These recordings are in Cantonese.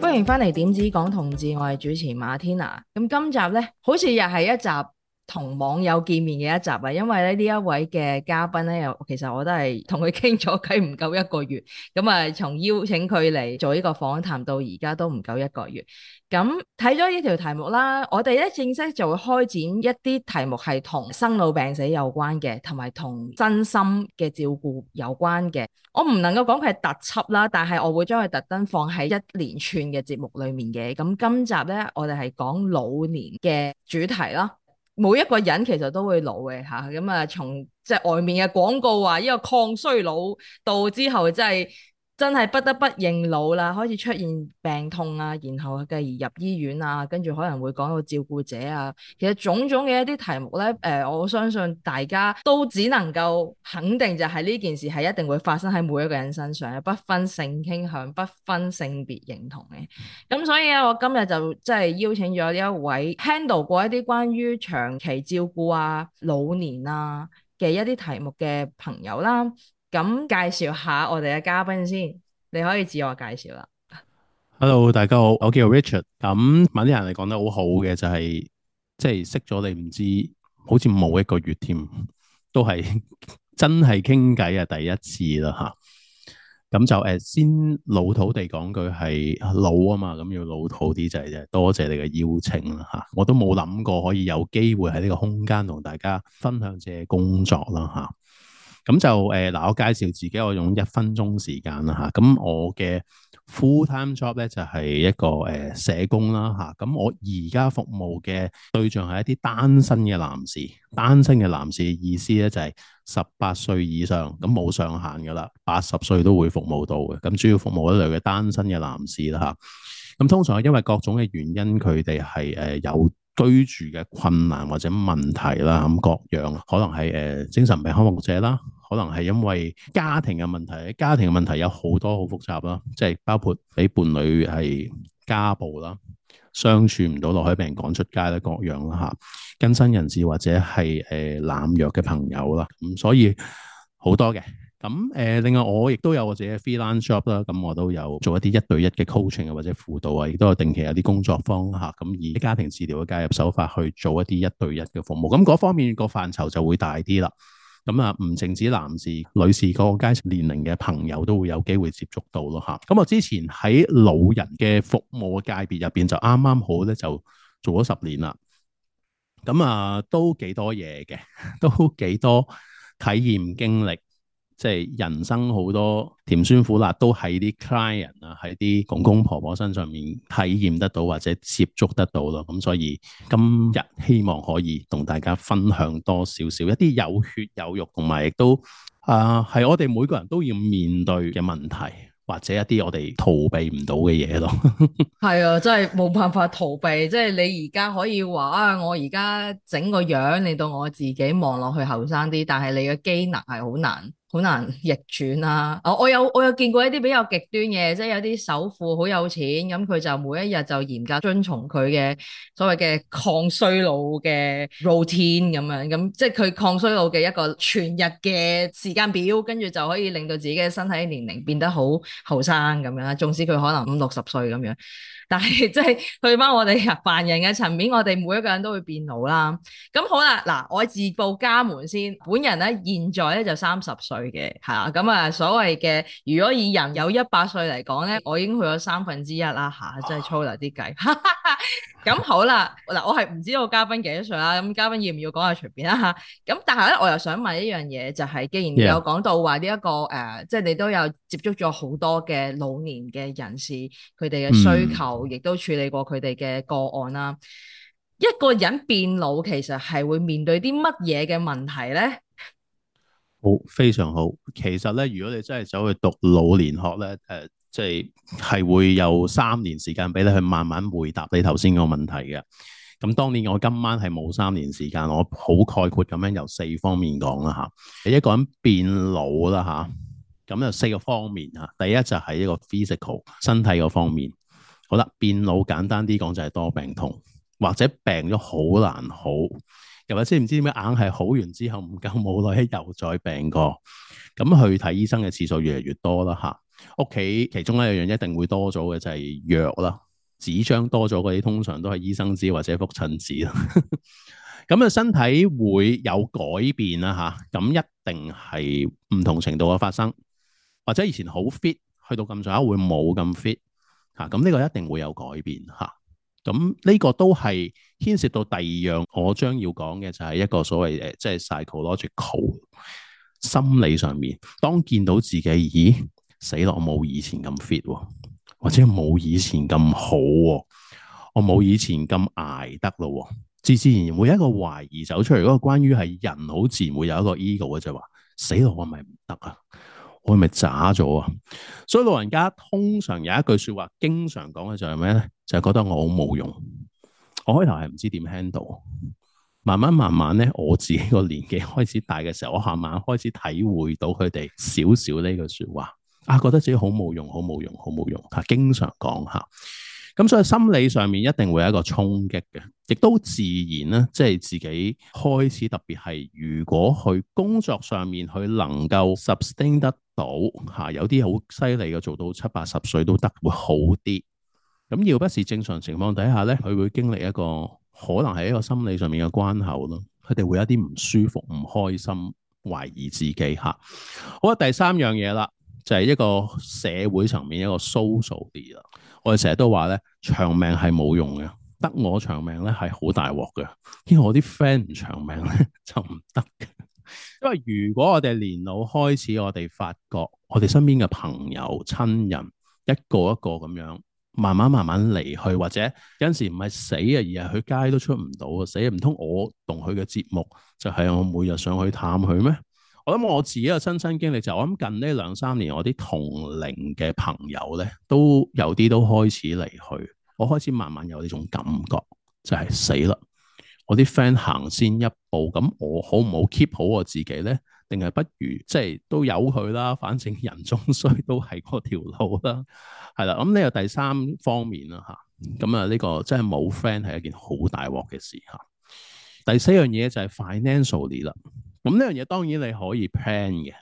歡迎返嚟《點子講同志》，我係主持馬天娜。咁今集呢，好似又係一集。同網友見面嘅一集啊，因為咧呢一位嘅嘉賓咧，又其實我都係同佢傾咗計唔夠一個月，咁啊從邀請佢嚟做呢個訪談到而家都唔夠一個月。咁睇咗呢條題目啦，我哋咧正式就會開展一啲題目係同生老病死有關嘅，同埋同真心嘅照顧有關嘅。我唔能夠講佢係特輯啦，但係我會將佢特登放喺一連串嘅節目裡面嘅。咁今集咧，我哋係講老年嘅主題咯。每一個人其實都會老嘅吓，咁啊從即係外面嘅廣告話呢個抗衰老到之後即係。真係不得不認老啦，開始出現病痛啊，然後繼而入醫院啊，跟住可能會講到照顧者啊，其實種種嘅一啲題目咧，誒、呃，我相信大家都只能夠肯定就係呢件事係一定會發生喺每一個人身上，不分性傾向、不分性別認同嘅。咁、嗯、所以咧，我今日就即係邀請咗一位 handle 過一啲關於長期照顧啊、老年啊嘅一啲題目嘅朋友啦。咁介紹下我哋嘅嘉賓先，你可以自我介紹啦。Hello，大家好，我叫 Richard。咁文啲人嚟講得好好嘅，就係、是、即係識咗你唔知，好似冇一個月添，都係真係傾偈啊！第一次啦嚇。咁、啊、就誒，先老土地講句係老啊嘛，咁要老土啲就係、是、多謝你嘅邀請啦嚇、啊，我都冇諗過可以有機會喺呢個空間同大家分享自己嘅工作啦嚇。啊咁就誒嗱、呃，我介紹自己我用一分鐘時間啦嚇。咁、啊、我嘅 full time job 咧就係、是、一個誒、呃、社工啦嚇。咁、啊、我而家服務嘅對象係一啲單身嘅男士，單身嘅男士意思咧就係十八歲以上，咁冇上限噶啦，八十歲都會服務到嘅。咁主要服務一類嘅單身嘅男士啦嚇。咁、啊、通常因為各種嘅原因，佢哋係誒有居住嘅困難或者問題啦，咁各樣可能係誒、呃、精神病康復者啦，可能係因為家庭嘅問題，家庭嘅問題有好多好複雜啦，即係包括俾伴侶係家暴啦，相處唔到落去俾人趕出街啦，各樣啦嚇、啊，更生人士或者係誒、呃、濫藥嘅朋友啦，咁所以好多嘅。咁誒、呃，另外我亦都有我自己嘅 freelance job 啦，咁我都有做一啲一對一嘅 coaching 或者輔導啊，亦都有定期有啲工作坊嚇，咁、啊、以家庭治療嘅介入手法去做一啲一對一嘅服務，咁嗰方面個範疇就會大啲啦。咁啊，唔淨止男士、女士各階層年齡嘅朋友都會有機會接觸到咯嚇。咁、啊、我之前喺老人嘅服務界別入邊就啱啱好咧，就做咗十年啦。咁啊，都幾多嘢嘅，都幾多體驗經歷。即係人生好多甜酸苦辣，都喺啲 client 啊，喺啲公公婆婆，婆身上面體驗得到，或者接觸得到咯。咁、嗯、所以今日希望可以同大家分享多，多少少一啲有血有肉，同埋亦都啊，係、呃、我哋每個人都要面對嘅問題，或者一啲我哋逃避唔到嘅嘢咯。係 啊，真係冇辦法逃避。即、就、係、是、你而家可以話啊，我而家整個樣令到我自己望落去後生啲，但係你嘅機能係好難。好難逆轉啦，啊！哦，我有我有見過一啲比較極端嘅，即係有啲首富好有錢，咁佢就每一日就嚴格遵從佢嘅所謂嘅抗衰老嘅 routine 咁樣，咁即係佢抗衰老嘅一個全日嘅時間表，跟住就可以令到自己嘅身體年齡變得好後生咁樣，縱使佢可能五六十歲咁樣。但係真係去翻我哋凡人嘅層面，我哋每一個人都會變老啦。咁好啦，嗱，我自報家門先，本人咧現在咧就三十歲嘅，係啦。咁啊，啊，所謂嘅如果以人有一百歲嚟講咧，我已經去咗三分之一啦吓，啊，真係粗略啲計，哈哈。咁 好啦，嗱，我係唔知道嘉賓幾多歲啦，咁嘉賓要唔要講下隨便啦吓，咁但係咧，我又想問一樣嘢，就係、是、既然你有講到話呢一個誒，即係 Yeah.、呃就是、你都有接觸咗好多嘅老年嘅人士，佢哋嘅需求，mm. 亦都處理過佢哋嘅個案啦。一個人變老，其實係會面對啲乜嘢嘅問題咧？好、哦，非常好。其實咧，如果你真係走去讀老年學咧，誒、呃。即係係會有三年時間俾你去慢慢回答你頭先個問題嘅。咁當年我今晚係冇三年時間，我好概括咁樣由四方面講啦吓。一個人變老啦吓，咁有四個方面吓。第一就係一個 physical 身體嗰方面，好啦，變老簡單啲講就係多病痛，或者病咗好難好，又或者唔知點樣硬係好完之後唔夠冇耐又再病過，咁去睇醫生嘅次數越嚟越多啦吓。屋企其中一樣一定會多咗嘅就係藥啦，紙張多咗嗰啲通常都係醫生紙或者覆診紙啦。咁啊，身體會有改變啦吓，咁一定係唔同程度嘅發生，或者以前好 fit 去到咁上下會冇咁 fit 吓，咁呢個一定會有改變吓，咁呢個都係牽涉到第二樣我將要講嘅就係一個所謂誒，即係 psychological 心理上面，當見到自己咦？死咯！我冇以前咁 fit，或者冇以前咁好，我冇以前咁捱得咯。自自然然，每一個懷疑走出嚟嗰個關於係人，好自然會有一個 ego 嘅就係話死咯，我咪唔得啊！我咪渣咗啊！所以老人家通常有一句說話，經常講嘅就係咩咧？就係覺得我好冇用。我開頭係唔知點 handle，慢慢慢慢咧，我自己個年紀開始大嘅時候，我慢慢開始體會到佢哋少少呢句說話。啊，覺得自己好冇用，好冇用，好冇用，嚇、啊！經常講嚇，咁、啊、所以心理上面一定會有一個衝擊嘅，亦都自然咧、啊，即係自己開始特別係如果去工作上面佢能夠 sustain 得到嚇、啊，有啲好犀利嘅做到七八十歲都得，會好啲。咁、啊、要不是正常情況底下咧，佢會經歷一個可能係一個心理上面嘅關口咯，佢哋會有啲唔舒服、唔開心、懷疑自己嚇、啊。好啊，第三樣嘢啦。就係一個社會層面一個 social 啲啊！我哋成日都話咧，長命係冇用嘅，得我長命咧係好大鑊嘅，因為我啲 friend 唔長命咧就唔得。因為如果我哋年老開始，我哋發覺我哋身邊嘅朋友、親人一個一個咁樣慢慢慢慢離去，或者有陣時唔係死啊，而係去街都出唔到啊，死唔通我同佢嘅節目就係我每日上去探佢咩？我諗我自己嘅親身親經歷就，我諗近呢兩三年，我啲同齡嘅朋友咧，都有啲都開始離去，我開始慢慢有呢種感覺，就係、是、死啦！我啲 friend 行先一步，咁我好唔好 keep 好我自己咧？定係不如即係、就是、都由佢啦，反正人終須都係嗰條路啦，係啦。咁呢個第三方面啦，吓、啊，咁啊呢個真係冇 friend 係一件好大鑊嘅事吓、啊。第四樣嘢就係 financially 啦。咁呢樣嘢當然你可以 plan 嘅。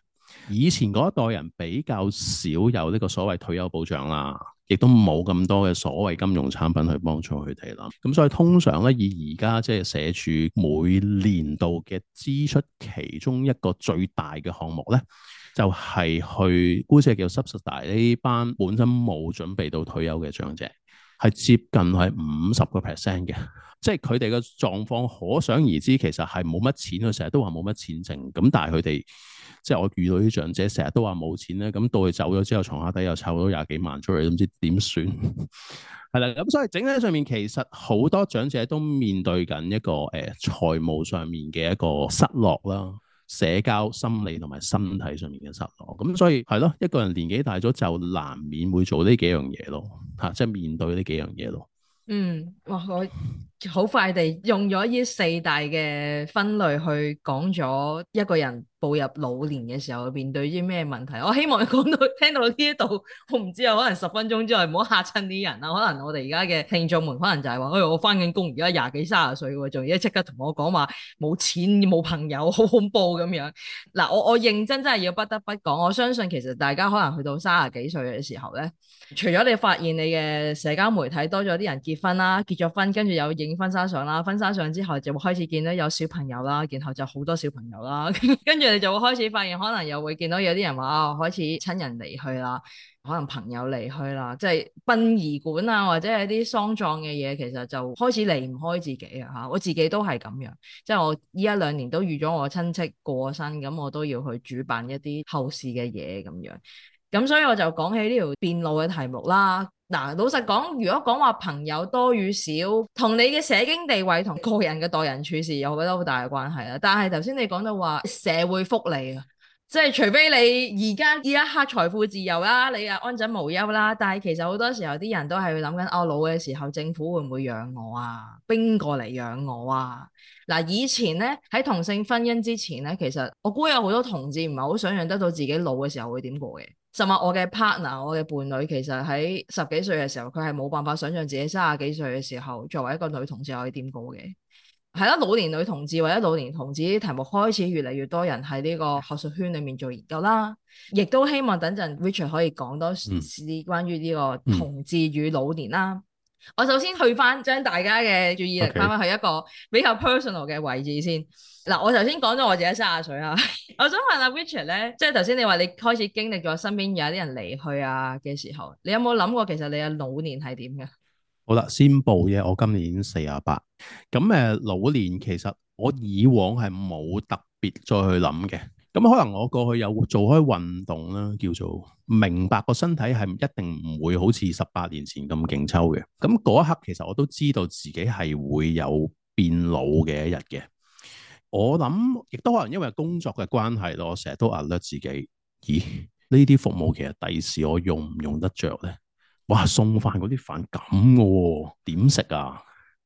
以前嗰一代人比較少有呢個所謂退休保障啦，亦都冇咁多嘅所謂金融產品去幫助佢哋啦。咁所以通常咧，以而家即係社署每年度嘅支出其中一個最大嘅項目咧，就係去姑且叫 subsidy 呢班本身冇準備到退休嘅長者。係接近係五十個 percent 嘅，即係佢哋嘅狀況可想而知，其實係冇乜錢，佢成日都話冇乜錢剩，咁但係佢哋即係我遇到啲長者，成日都話冇錢咧，咁到佢走咗之後，床下底又湊到廿幾萬出嚟，都唔知點算。係 啦，咁所以整體上面其實好多長者都面對緊一個誒、欸、財務上面嘅一個失落啦。社交、心理同埋身體上面嘅失落，咁所以係咯，一個人年紀大咗就難免會做呢幾樣嘢咯，嚇、啊，即係面對呢幾樣嘢咯。嗯，哇！我好快地用咗呢四大嘅分類去講咗一個人。步入老年嘅時候面對啲咩問題？我希望講到聽到呢一度，我唔知有可能十分鐘之內唔好嚇親啲人啦。可能我哋而家嘅聽眾們可能就係話：哎，我翻緊工，而家廿幾卅啊歲喎，仲要即刻同我講話冇錢冇朋友，好恐怖咁樣。嗱，我我認真真係要不得不講，我相信其實大家可能去到三十幾歲嘅時候咧，除咗你發現你嘅社交媒體多咗啲人結婚啦，結咗婚跟住有影婚紗相啦，婚紗相之後就會開始見到有小朋友啦，然後就好多小朋友啦，跟住，你就會開始發現，可能又會見到有啲人話啊，開始親人離去啦，可能朋友離去啦，即係殯儀館啊，或者係啲喪葬嘅嘢，其實就開始離唔開自己啊！嚇，我自己都係咁樣，即係我依一兩年都預咗我親戚過身，咁我都要去主辦一啲後事嘅嘢咁樣，咁所以我就講起呢條變老嘅題目啦。嗱，老實講，如果講話朋友多與少，同你嘅社經地位同個人嘅待人處事有好多好大嘅關係啦。但係頭先你講到話社會福利啊，即係除非你而家呢一刻財富自由啦，你又安枕無憂啦。但係其實好多時候啲人都係諗緊我老嘅時候，政府會唔會養我啊？邊個嚟養我啊？嗱，以前呢，喺同性婚姻之前呢，其實我估有好多同志唔係好想像得到自己老嘅時候會點過嘅。甚至我嘅 partner、我嘅伴侶，其實喺十幾歲嘅時候，佢係冇辦法想象自己三十幾歲嘅時候，作為一個女同志可以點過嘅。係啦，老年女同志或者老年同志啲題目開始越嚟越多人喺呢個學術圈裡面做研究啦，亦都希望等陣 Richard 可以講多啲、嗯、關於呢個同志與老年啦。我首先去翻將大家嘅注意力翻翻去一個比較 personal 嘅位置先。嗱，我頭先講咗我自己三廿歲啊。 我想問阿、啊、Richard 咧，即係頭先你話你開始經歷咗身邊有啲人離去啊嘅時候，你有冇諗過其實你嘅老年係點嘅？好啦，先報嘢，我今年四十八咁誒，老年其實我以往係冇特別再去諗嘅。咁可能我過去有做開運動啦，叫做明白個身體係一定唔會好似十八年前咁勁抽嘅。咁嗰一刻，其實我都知道自己係會有變老嘅一日嘅。我諗，亦都可能因為工作嘅關係，我成日都 alert 自己。咦，呢啲服務其實第時我用唔用得着呢？哇，送飯嗰啲飯咁嘅，點食啊？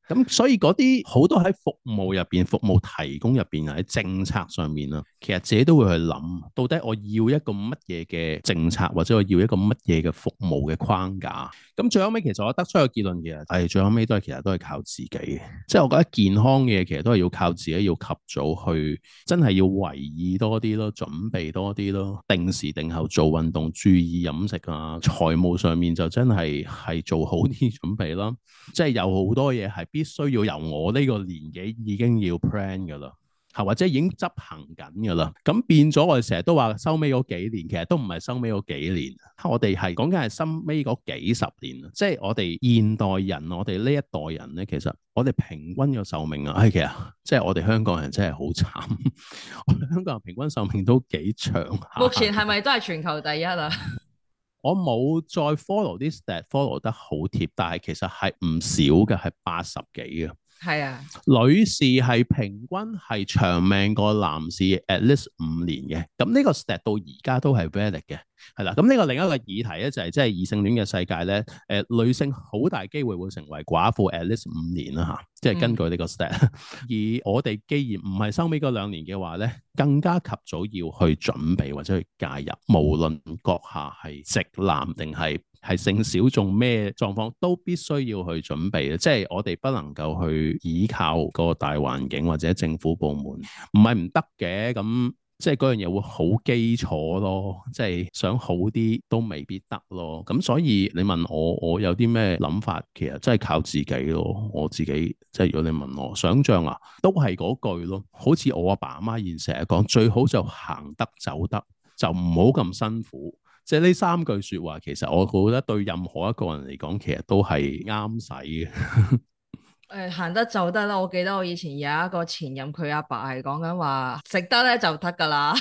咁所以嗰啲好多喺服務入邊，服務提供入邊啊，喺政策上面啊，其實自己都會去諗到底我要一個乜嘢嘅政策，或者我要一個乜嘢嘅服務嘅框架。咁最後尾其實我得出個結論嘅，係最後尾都係其實都係靠自己嘅。即係我覺得健康嘅嘢其實都係要靠自己，要及早去，真係要為意多啲咯，準備多啲咯，定時定候做運動，注意飲食啊。財務上面就真係，係做好啲準備咯，啊。即係有好多嘢係。必須要由我呢個年紀已經要 plan 噶啦，係或者已經執行緊噶啦，咁變咗我哋成日都話收尾嗰幾年，其實都唔係收尾嗰幾年，我哋係講緊係收尾嗰幾十年，即係我哋現代人，我哋呢一代人咧，其實我哋平均嘅壽命啊，哎，其實即係我哋香港人真係好慘， 我哋香港人平均壽命都幾長，目前係咪都係全球第一啊？ 我冇再 follow 啲 stat，follow 得好貼，但係其實係唔少嘅，係八十幾嘅。係啊，女士係平均係長命過男士 at least 五年嘅。咁呢個 stat 到而家都係 valid 嘅。係啦，咁呢個另一個議題咧就係、是、即係異性戀嘅世界咧，誒、呃，女性好大機會會成為寡婦 at least 五年啦吓、啊，即係根據呢個 stat。嗯、而我哋既然唔係收尾嗰兩年嘅話咧，更加及早要去準備或者去介入，無論閣下係直男定係係性小眾咩狀況，都必須要去準備。嗯、即係我哋不能夠去依靠個大環境或者政府部門，唔係唔得嘅咁。即係嗰樣嘢會好基礎咯，即係想好啲都未必得咯。咁所以你問我，我有啲咩諗法？其實真係靠自己咯。我自己即係如果你問我，想像啊，都係嗰句咯。好似我阿爸阿媽現成日講，最好就行得走得就唔好咁辛苦。即係呢三句説話，其實我覺得對任何一個人嚟講，其實都係啱使嘅。 誒，行得就得啦。我記得我以前有一個前任，佢阿爸係講緊話，食得咧就得噶啦。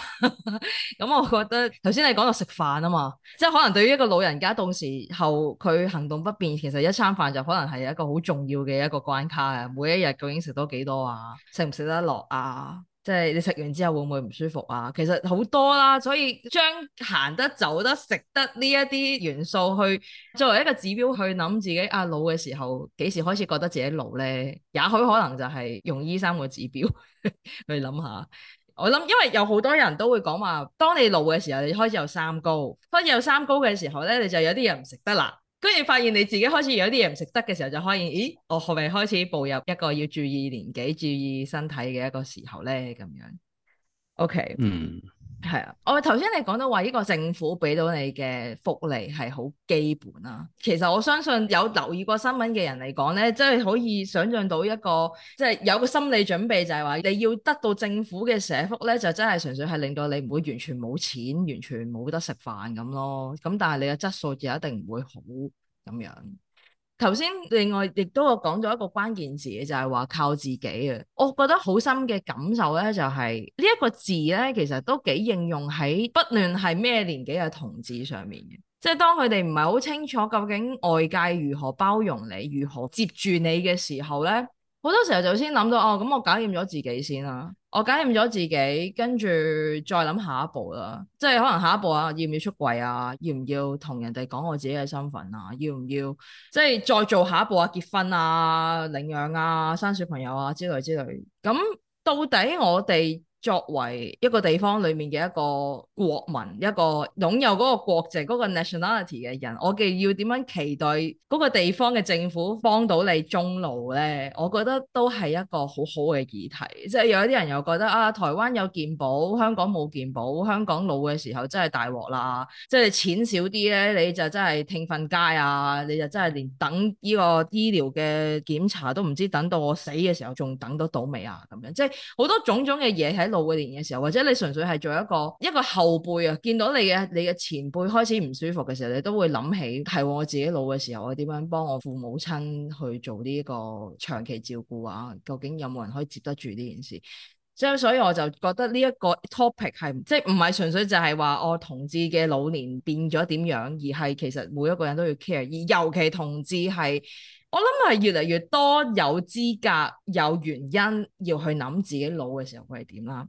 咁我覺得頭先你講到食飯啊嘛，即係可能對於一個老人家到時候佢行動不便，其實一餐飯就可能係一個好重要嘅一個關卡啊。每一日究竟食多幾多啊？食唔食得落啊？即係你食完之後會唔會唔舒服啊？其實好多啦，所以將行得、走得、食得呢一啲元素去作為一個指標去諗自己啊老嘅時候，幾時開始覺得自己老呢？也許可能就係用依、e、三個指標 去諗下。我諗，因為有好多人都會講話，當你老嘅時候，你開始有三高，開始有三高嘅時候呢，你就有啲嘢唔食得啦。跟住發現你自己開始有啲嘢唔食得嘅時候就，就發現咦，我係咪開始步入一個要注意年紀、注意身體嘅一個時候咧？咁樣，OK，嗯。係啊，我頭先你講到話呢個政府俾到你嘅福利係好基本啦。其實我相信有留意過新聞嘅人嚟講咧，即係可以想像到一個，即係有個心理準備就係話你要得到政府嘅社福咧，就真係純粹係令到你唔會完全冇錢，完全冇得食飯咁咯。咁但係你嘅質素就一定唔會好咁樣。頭先另外亦都有講咗一個關鍵詞嘅，就係話靠自己嘅。我覺得好深嘅感受呢，就係呢一個字呢，其實都幾應用喺不論係咩年紀嘅同志上面嘅，即係當佢哋唔係好清楚究竟外界如何包容你、如何接住你嘅時候呢。好多時候就先諗到哦，咁我搞掂咗自己先啦，我搞掂咗自己，跟住再諗下一步啦，即係可能下一步啊，要唔要出櫃啊，要唔要同人哋講我自己嘅身份啊，要唔要即係再做下一步啊，結婚啊，領養啊，生小朋友啊之類之類，咁到底我哋，作為一個地方裡面嘅一個國民，一個擁有嗰個國籍嗰個 nationality 嘅人，我哋要點樣期待嗰個地方嘅政府幫到你中老咧？我覺得都係一個好好嘅議題。即係有一啲人又覺得啊，台灣有健保，香港冇健保，香港老嘅時候真係大鑊啦！即係錢少啲咧，你就真係聽瞓街啊！你就真係連等呢個醫療嘅檢查都唔知等到我死嘅時候仲等得到未啊？咁樣即係好多種種嘅嘢喺。老嘅年嘅時候，或者你純粹係做一個一個後輩啊，見到你嘅你嘅前輩開始唔舒服嘅時候，你都會諗起係我自己老嘅時候，我點樣幫我父母親去做呢個長期照顧啊？究竟有冇人可以接得住呢件事？即係所以我就覺得呢一個 topic 係即係唔係純粹就係話我同志嘅老年變咗點樣，而係其實每一個人都要 care，而尤其同志係。我諗係越嚟越多有資格、有原因要去諗自己老嘅時候會，會係點啦？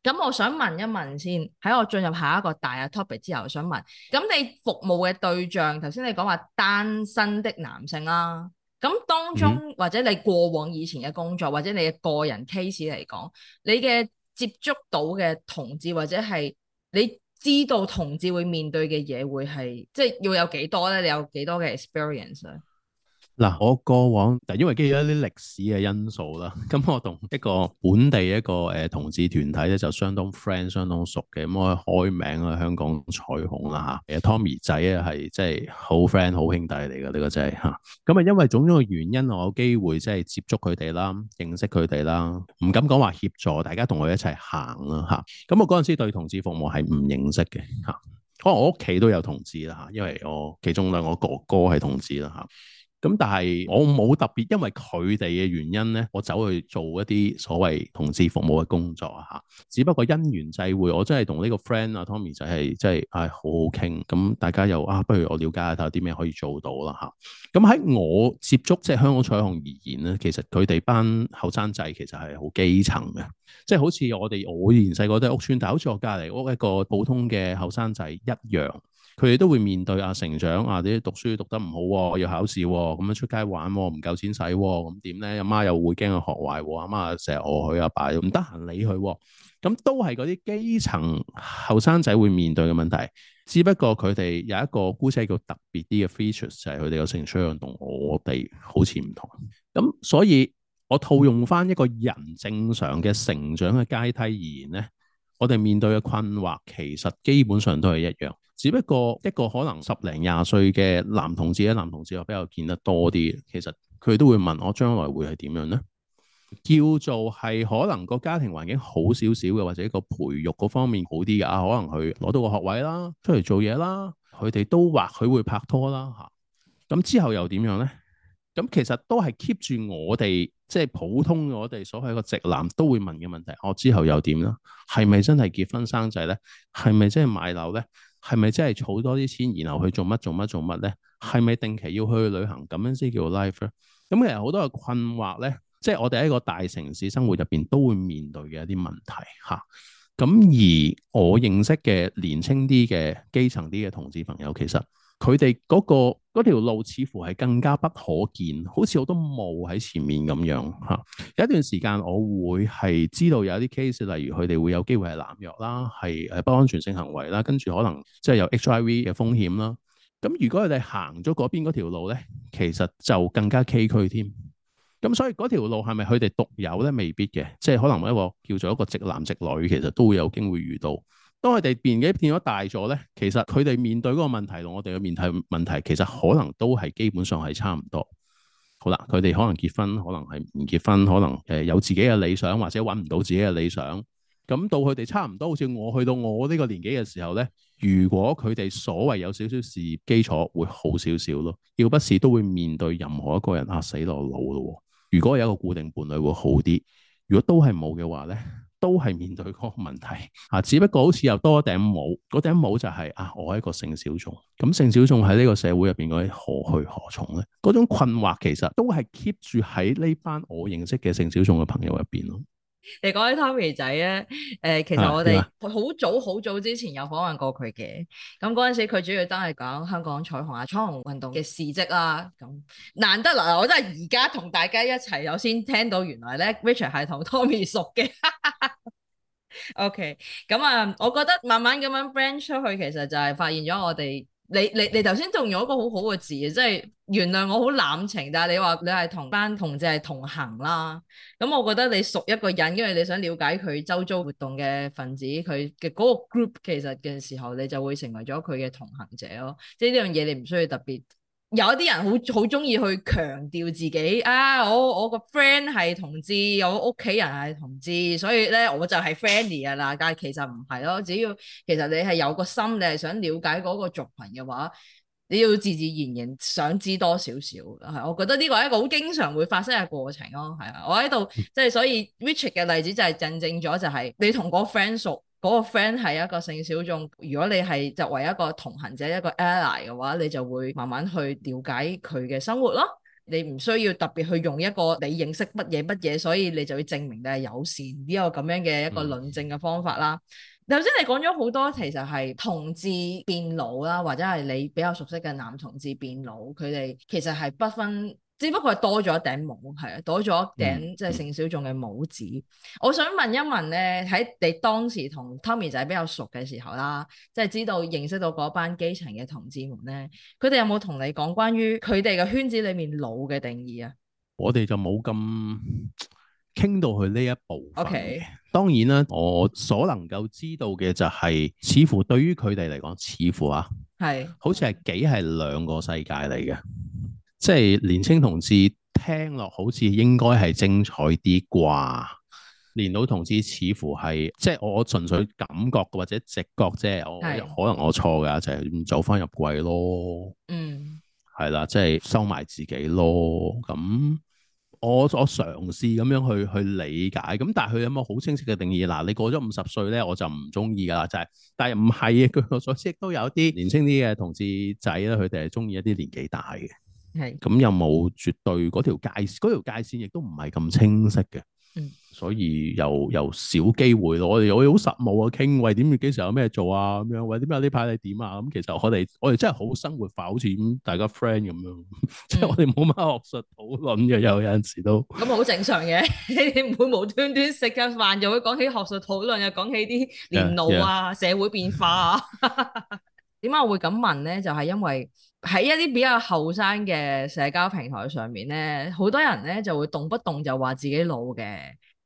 咁我想問一問先，喺我進入下一個大嘅 topic 之後，我想問：咁你服務嘅對象，頭先你講話單身的男性啦、啊，咁當中、嗯、或者你過往以前嘅工作或者你嘅個人 case 嚟講，你嘅接觸到嘅同志或者係你知道同志會面對嘅嘢，會係即係要有幾多咧？你有幾多嘅 experience 咧？嗱，我過往就因為基於一啲歷史嘅因素啦，咁我同一個本地一個誒、呃、同志團體咧就相當 friend，相當熟嘅。咁我開名啊，香港彩虹啦吓，而 Tommy 仔啊係即係好 friend、好兄弟嚟嘅，呢個真係吓。咁啊，因為種種嘅原因，我有機會即係接觸佢哋啦，認識佢哋啦，唔敢講話協助大家同佢一齊行啦吓。咁我嗰陣時對同志服務係唔認識嘅吓。可能我屋企都有同志啦吓，因為我其中兩個哥哥係同志啦吓。咁但係我冇特別，因為佢哋嘅原因咧，我走去做一啲所謂同志服務嘅工作啊！嚇，只不過因緣際會，我真係同呢個 friend 阿 Tommy 就係真係唉，好好傾，咁大家又啊，不如我了解下睇下啲咩可以做到啦嚇。咁、啊、喺我接觸即係、就是、香港彩虹而言咧，其實佢哋班後生仔其實係好基層嘅，即、就、係、是、好似我哋我以前細個都喺屋村，但係好似我隔籬屋一個普通嘅後生仔一樣。佢哋都會面對啊成長啊啲讀書讀得唔好，要考試咁、啊、樣出街玩，唔、啊、夠錢使咁點咧？阿、啊、媽、啊、又會驚佢學壞，阿、啊、媽又成日餓佢阿爸，爸又，又唔得閒理佢咁，都係嗰啲基層後生仔會面對嘅問題。只不過佢哋有一個姑且叫特別啲嘅 features，就係佢哋嘅性取向同我哋好似唔同咁。所以我套用翻一個人正常嘅成長嘅階梯而言咧，我哋面對嘅困惑其實基本上都係一樣。只不過一個可能十零廿歲嘅男同志咧，男同志我比較見得多啲。其實佢都會問我將來會係點樣咧？叫做係可能個家庭環境好少少嘅，或者個培育嗰方面好啲嘅啊。可能佢攞到個學位啦，出嚟做嘢啦，佢哋都或許會拍拖啦吓。咁、啊、之後又點樣咧？咁其實都係 keep 住我哋即係普通我哋所謂個直男都會問嘅問題。我、嗯啊、之後又點啦？係咪真係結婚生仔咧？係咪真係買樓咧？係咪真係儲多啲錢，然後去做乜做乜做乜咧？係咪定期要去旅行咁樣先叫 life 咧、嗯？咁其實好多嘅困惑咧，即係我哋喺個大城市生活入邊都會面對嘅一啲問題嚇。咁、嗯、而我認識嘅年輕啲嘅基層啲嘅同志朋友，其實。佢哋嗰個嗰條路似乎係更加不可見，好似好多霧喺前面咁樣嚇。有、啊、一段時間，我會係知道有一啲 case，例如佢哋會有機會係濫藥啦，係係不安全性行為啦，跟住可能即係有 HIV 嘅風險啦。咁如果佢哋行咗嗰邊嗰條路咧，其實就更加崎嶇添。咁所以嗰條路係咪佢哋獨有咧？未必嘅，即係可能一個叫做一個直男直女，其實都會有機會遇到。當佢哋年紀變咗大咗咧，其實佢哋面對嗰個問題同我哋嘅面對問題，其實可能都係基本上係差唔多。好啦，佢哋可能結婚，可能係唔結婚，可能誒有自己嘅理想，或者揾唔到自己嘅理想。咁到佢哋差唔多，好似我去到我呢個年紀嘅時候咧，如果佢哋所謂有少少事業基礎，會好少少咯。要不是都會面對任何一個人嚇、啊、死落腦咯。如果有一個固定伴侶會好啲。如果都係冇嘅話咧，都係面對嗰個問題啊，只不過好似又多一頂帽，嗰頂帽就係、是、啊，我係一個性小眾，咁、啊、性小眾喺呢個社會入邊嗰啲何去何從咧？嗰種困惑其實都係 keep 住喺呢班我認識嘅性小眾嘅朋友入邊咯。你講起 Tommy 仔咧，誒，其實我哋好早好早之前有訪問過佢嘅，咁嗰陣時佢主要都係講香港彩虹啊、彩虹運動嘅事蹟啦，咁難得嗱，我真係而家同大家一齊有先聽到原來咧，Richard 係同 Tommy 熟嘅 ，OK，咁啊，我覺得慢慢咁樣 branch 出去，其實就係發現咗我哋。你你你頭先仲有一個好好嘅字啊，即係原諒我好濫情，但係你話你係同班同志係同行啦，咁我覺得你熟一個人，因為你想了解佢周遭活動嘅分子，佢嘅嗰個 group 其實嘅時候，你就會成為咗佢嘅同行者咯，即係呢樣嘢你唔需要特別。有一啲人好好中意去強調自己啊！我我個 friend 係同志，我屋企人係同志，所以咧我就係 friendly 啊啦。但係其實唔係咯，只要其實你係有個心，你係想了解嗰個族群嘅話，你要自自然然想知多少少。係，我覺得呢個係一個好經常會發生嘅過程咯。係啊，我喺度即係，所以 Richard 嘅例子就係印證咗，正正就係你同個 friend 熟。嗰個 friend 係一個性小眾，如果你係作為一個同行者、一個 ally 嘅話，你就會慢慢去了解佢嘅生活咯。你唔需要特別去用一個你認識乜嘢乜嘢，所以你就要證明你係友善，呢個咁樣嘅一個論證嘅方法啦。頭先、嗯、你講咗好多，其實係同志變老啦，或者係你比較熟悉嘅男同志變老，佢哋其實係不分。只不過係多咗一頂帽，係啊，多咗一頂即係性小眾嘅帽子。嗯，我想問一問咧，喺你當時同 Tommy 仔比較熟嘅時候啦，即係知道認識到嗰班基層嘅同志們咧，佢哋有冇同你講關於佢哋嘅圈子裏面老嘅定義啊？我哋就冇咁傾到去呢一步。OK，當然啦，我所能夠知道嘅就係，似乎對於佢哋嚟講，似乎啊，係好似係幾係兩個世界嚟嘅。即係年青同志聽落好似應該係精彩啲啩，年老同志似乎係即係我純粹感覺或者直覺啫。我的可能我錯㗎，就係、是、走翻入櫃咯。嗯，係啦，即係收埋自己咯。咁我我嘗試咁樣去去理解咁，但係佢有冇好清晰嘅定義？嗱，你過咗五十歲咧，我就唔中意㗎啦，就係、是、但係唔係？據我所知，都有啲年青啲嘅同志仔咧，佢哋係中意一啲年紀大嘅。係咁又冇絕對嗰條界，嗰條界線亦都唔係咁清晰嘅，所以又又少機會咯。我哋我哋好實務啊，傾，喂點？幾時有咩做啊？咁樣，喂點？咩呢排你點啊？咁其實我哋我哋真係好生活化，好似咁大家 friend 咁樣，即係我哋冇乜學術討論嘅。有有陣時都咁好正常嘅，你哋唔會無端端食下飯就會講起學術討論，又講起啲年老啊、社會變化啊。點解我會咁問咧？就係因為。喺一啲比較後生嘅社交平台上面呢，好多人呢就會動不動就話自己老嘅。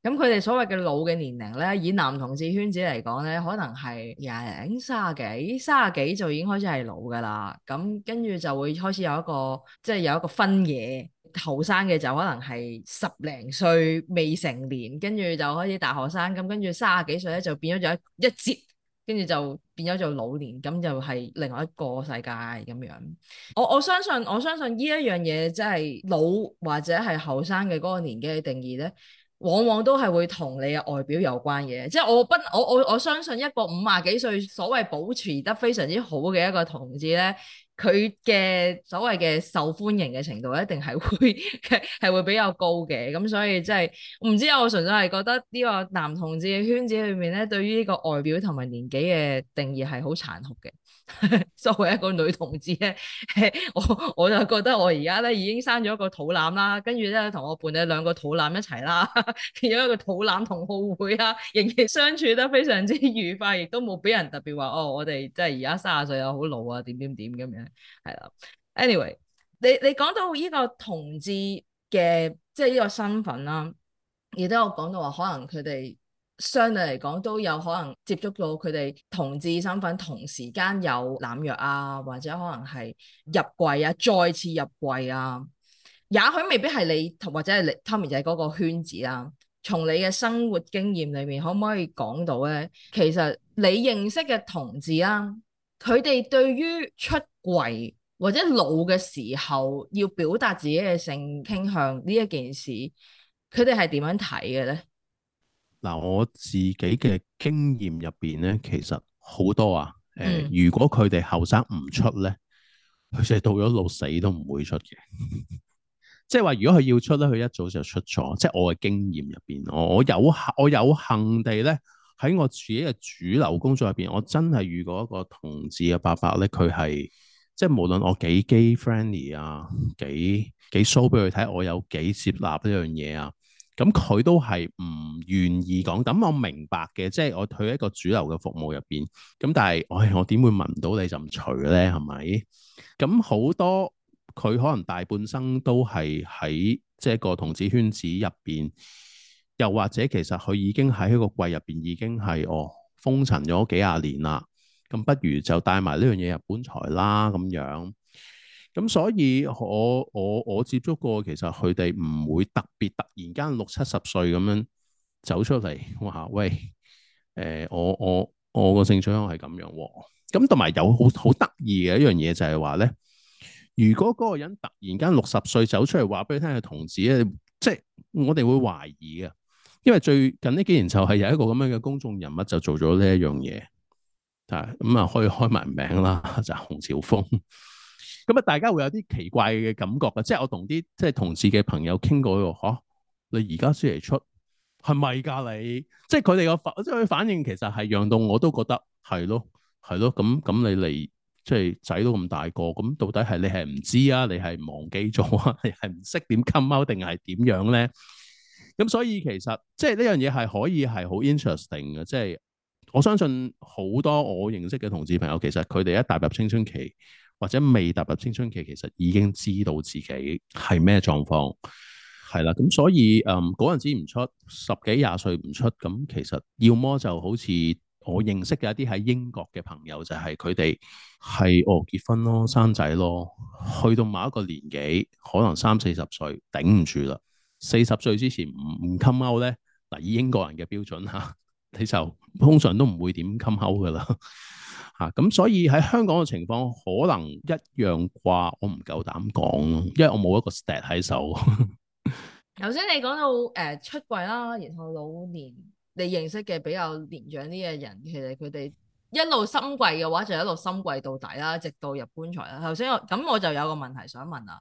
咁佢哋所謂嘅老嘅年齡呢，以男同志圈子嚟講呢，可能係廿零、三十幾、三十幾就已經開始係老噶啦。咁跟住就會開始有一個，即係有一個分野。後生嘅就可能係十零歲未成年，跟住就開始大學生。咁跟住三十幾歲呢，就變咗咗一一跟住就變咗做老年，咁就係另外一個世界咁樣。我我相信，我相信呢一樣嘢，即係老或者係後生嘅嗰個年紀嘅定義咧。往往都係會同你嘅外表有關嘅，即係我不我我我相信一個五啊幾歲，所謂保持得非常之好嘅一個同志咧，佢嘅所謂嘅受歡迎嘅程度一定係會係 會比較高嘅。咁所以即係唔知啊，我純粹係覺得呢個男同志嘅圈子裏面咧，對於呢個外表同埋年紀嘅定義係好殘酷嘅。 作為一個女同志咧，我我就覺得我而家咧已經生咗一個肚腩啦，跟住咧同我伴侶兩個肚腩一齊啦，變 咗一個肚腩同好會啦，仍然相處得非常之愉快，亦都冇俾人特別話哦，我哋即係而家卅歲啊，好老啊，點點點咁樣，怎樣，怎樣，係啦。Anyway，你你講到呢個同志嘅即係呢個身份啦、啊，亦都有講到話可能佢哋。相對嚟講都有可能接觸到佢哋同志身份，同時間有濫藥啊，或者可能係入櫃啊，再次入櫃啊，也許未必係你，或者係你 Tommy 仔嗰個圈子啊。從你嘅生活經驗裏面，可唔可以講到咧？其實你認識嘅同志啦、啊，佢哋對於出櫃或者老嘅時候要表達自己嘅性傾向呢一件事，佢哋係點樣睇嘅咧？.嗱，我自己嘅經驗入邊咧，其實好多啊。誒、呃，如果佢哋後生唔出咧，佢就到咗老死都唔會出嘅。即係話，如果佢要出咧，佢一早就出咗。即係我嘅經驗入邊，我有我有幸地咧，喺我自己嘅主流工作入邊，我真係遇過一個同志嘅伯伯咧，佢係即係無論我幾 gay friendly 啊，幾幾 show 俾佢睇，我有幾接納呢樣嘢啊。咁佢都係唔願意講，咁我明白嘅，即係我佢喺一個主流嘅服務入邊，咁但係，唉、哎，我點會聞到你就唔除咧？係咪？咁好多佢可能大半生都係喺即係個同志圈子入邊，又或者其實佢已經喺一個櫃入邊已經係哦封塵咗幾廿年啦，咁不如就帶埋呢樣嘢入棺材啦，咁樣。咁所以我我我接觸過，其實佢哋唔會特別突然間六七十歲咁樣走出嚟話喂，誒、呃、我我我個性取向係咁樣，咁同埋有好好得意嘅一樣嘢就係話咧，如果嗰個人突然間六十歲走出嚟話俾你聽係同志咧，即係我哋會懷疑嘅。因為最近呢幾年就係有一個咁樣嘅公眾人物就做咗呢一樣嘢，啊咁啊可以開埋名啦，就係，洪朝豐。咁啊，大家會有啲奇怪嘅感覺嘅，即係我同啲即係同事嘅朋友傾過喎、啊、你而家先嚟出係咪㗎你？即係佢哋個反即係反應，其實係讓到我都覺得係咯係咯。咁咁你嚟即係仔都咁大個，咁到底係你係唔知啊？你係忘記咗啊？係唔識點 come out 定係點樣咧？咁所以其實即係呢樣嘢係可以係好 interesting 嘅。即係我相信好多我認識嘅同志朋友，其實佢哋一踏入青春期。或者未踏入青春期，其實已經知道自己係咩狀況，係啦。咁所以，嗯，嗰陣時唔出，十幾廿歲唔出，咁其實要麼就好似我認識嘅一啲喺英國嘅朋友，就係佢哋係哦結婚咯，生仔咯，去到某一個年紀，可能三四十歲頂唔住啦。四十歲之前唔唔襟 out 呢，嗱以英國人嘅標準吓， 你就通常都唔會點襟 out 噶啦。嚇。咁，啊、所以喺香港嘅情況可能一樣啩，我唔夠膽講，因為我冇一個 stat 喺手。頭 先你講到誒、呃、出櫃啦，然後老年你認識嘅比較年長啲嘅人，其實佢哋一路深櫃嘅話，就一路深櫃到底啦，直到入棺材啦。頭先我咁我就有個問題想問啊，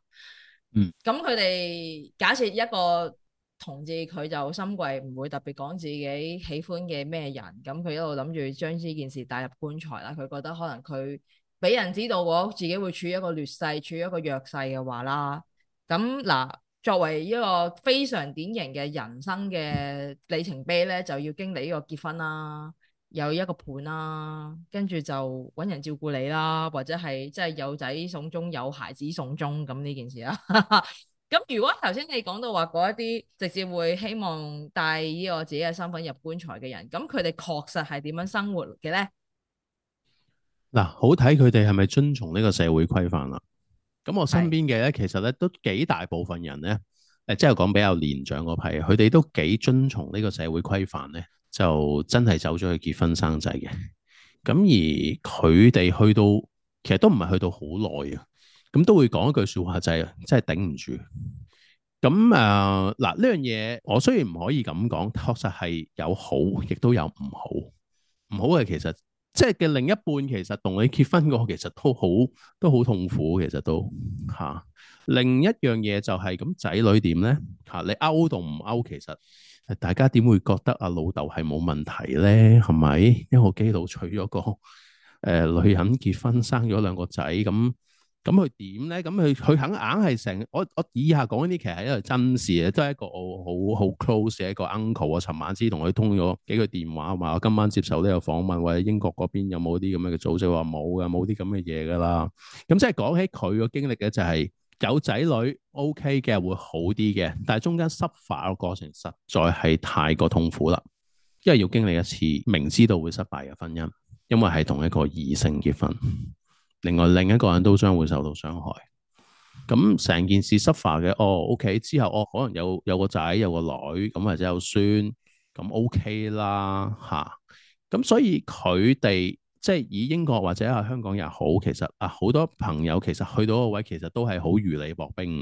嗯，咁佢哋假設一個。同志佢就深櫃，唔會特別講自己喜歡嘅咩人。咁佢一路諗住將呢件事帶入棺材啦。佢覺得可能佢俾人知道喎，自己會處於一個劣勢，處於一個弱勢嘅話啦。咁嗱，作為一個非常典型嘅人生嘅里程碑咧，就要經歷呢個結婚啦，有一個伴啦，跟住就揾人照顧你啦，或者係即係有仔送終，有孩子送終咁呢件事啦。 咁如果頭先你講到話嗰一啲直接會希望帶呢個自己嘅身份入棺材嘅人，咁佢哋確實係點樣生活嘅咧？嗱、啊，好睇佢哋係咪遵從呢個社會規範啦。咁我身邊嘅咧，是其實咧都幾大部分人咧，誒即係講比較年長嗰批，佢哋都幾遵從呢個社會規範咧，就真係走咗去結婚生仔嘅。咁而佢哋去到，其實都唔係去到好耐嘅。咁都會講一句說話，就係、啊、真係頂唔住。咁誒，嗱呢樣嘢，我雖然唔可以咁講，確實係有好，亦都有唔好。唔好嘅其實，即係嘅另一半其實同你結婚個，其實都好都好痛苦。其實都吓、啊，另一樣嘢就係咁仔女點咧吓？你勾同唔勾？其實大家點會覺得阿、啊、老豆係冇問題咧？係咪因為基佬娶咗個誒女人結婚生咗兩個仔咁？咁佢點咧？咁佢佢肯硬係成我我以下講呢啲，其實係一個真事啊！即係一個好好 close 嘅一個 uncle 啊！尋晚先同佢通咗幾句電話，話我今晚接受都有訪問，或者英國嗰邊有冇啲咁樣嘅組織？話冇㗎，冇啲咁嘅嘢噶啦。咁即係講起佢個經歷嘅就係、是、有仔女 OK 嘅會好啲嘅，但係中間失敗個過程實在係太過痛苦啦，因為要經歷一次明知道會失敗嘅婚姻，因為係同一個異性結婚。另外另一個人都將會受到傷害，咁成件事 suffer 嘅，哦，OK，之後，哦，可能有有個仔有個女，咁或者有孫，咁 OK 啦，吓、啊，咁所以佢哋即係以英國或者啊香港也好，其實啊好多朋友其實去到嗰位，其實都係好如履薄冰。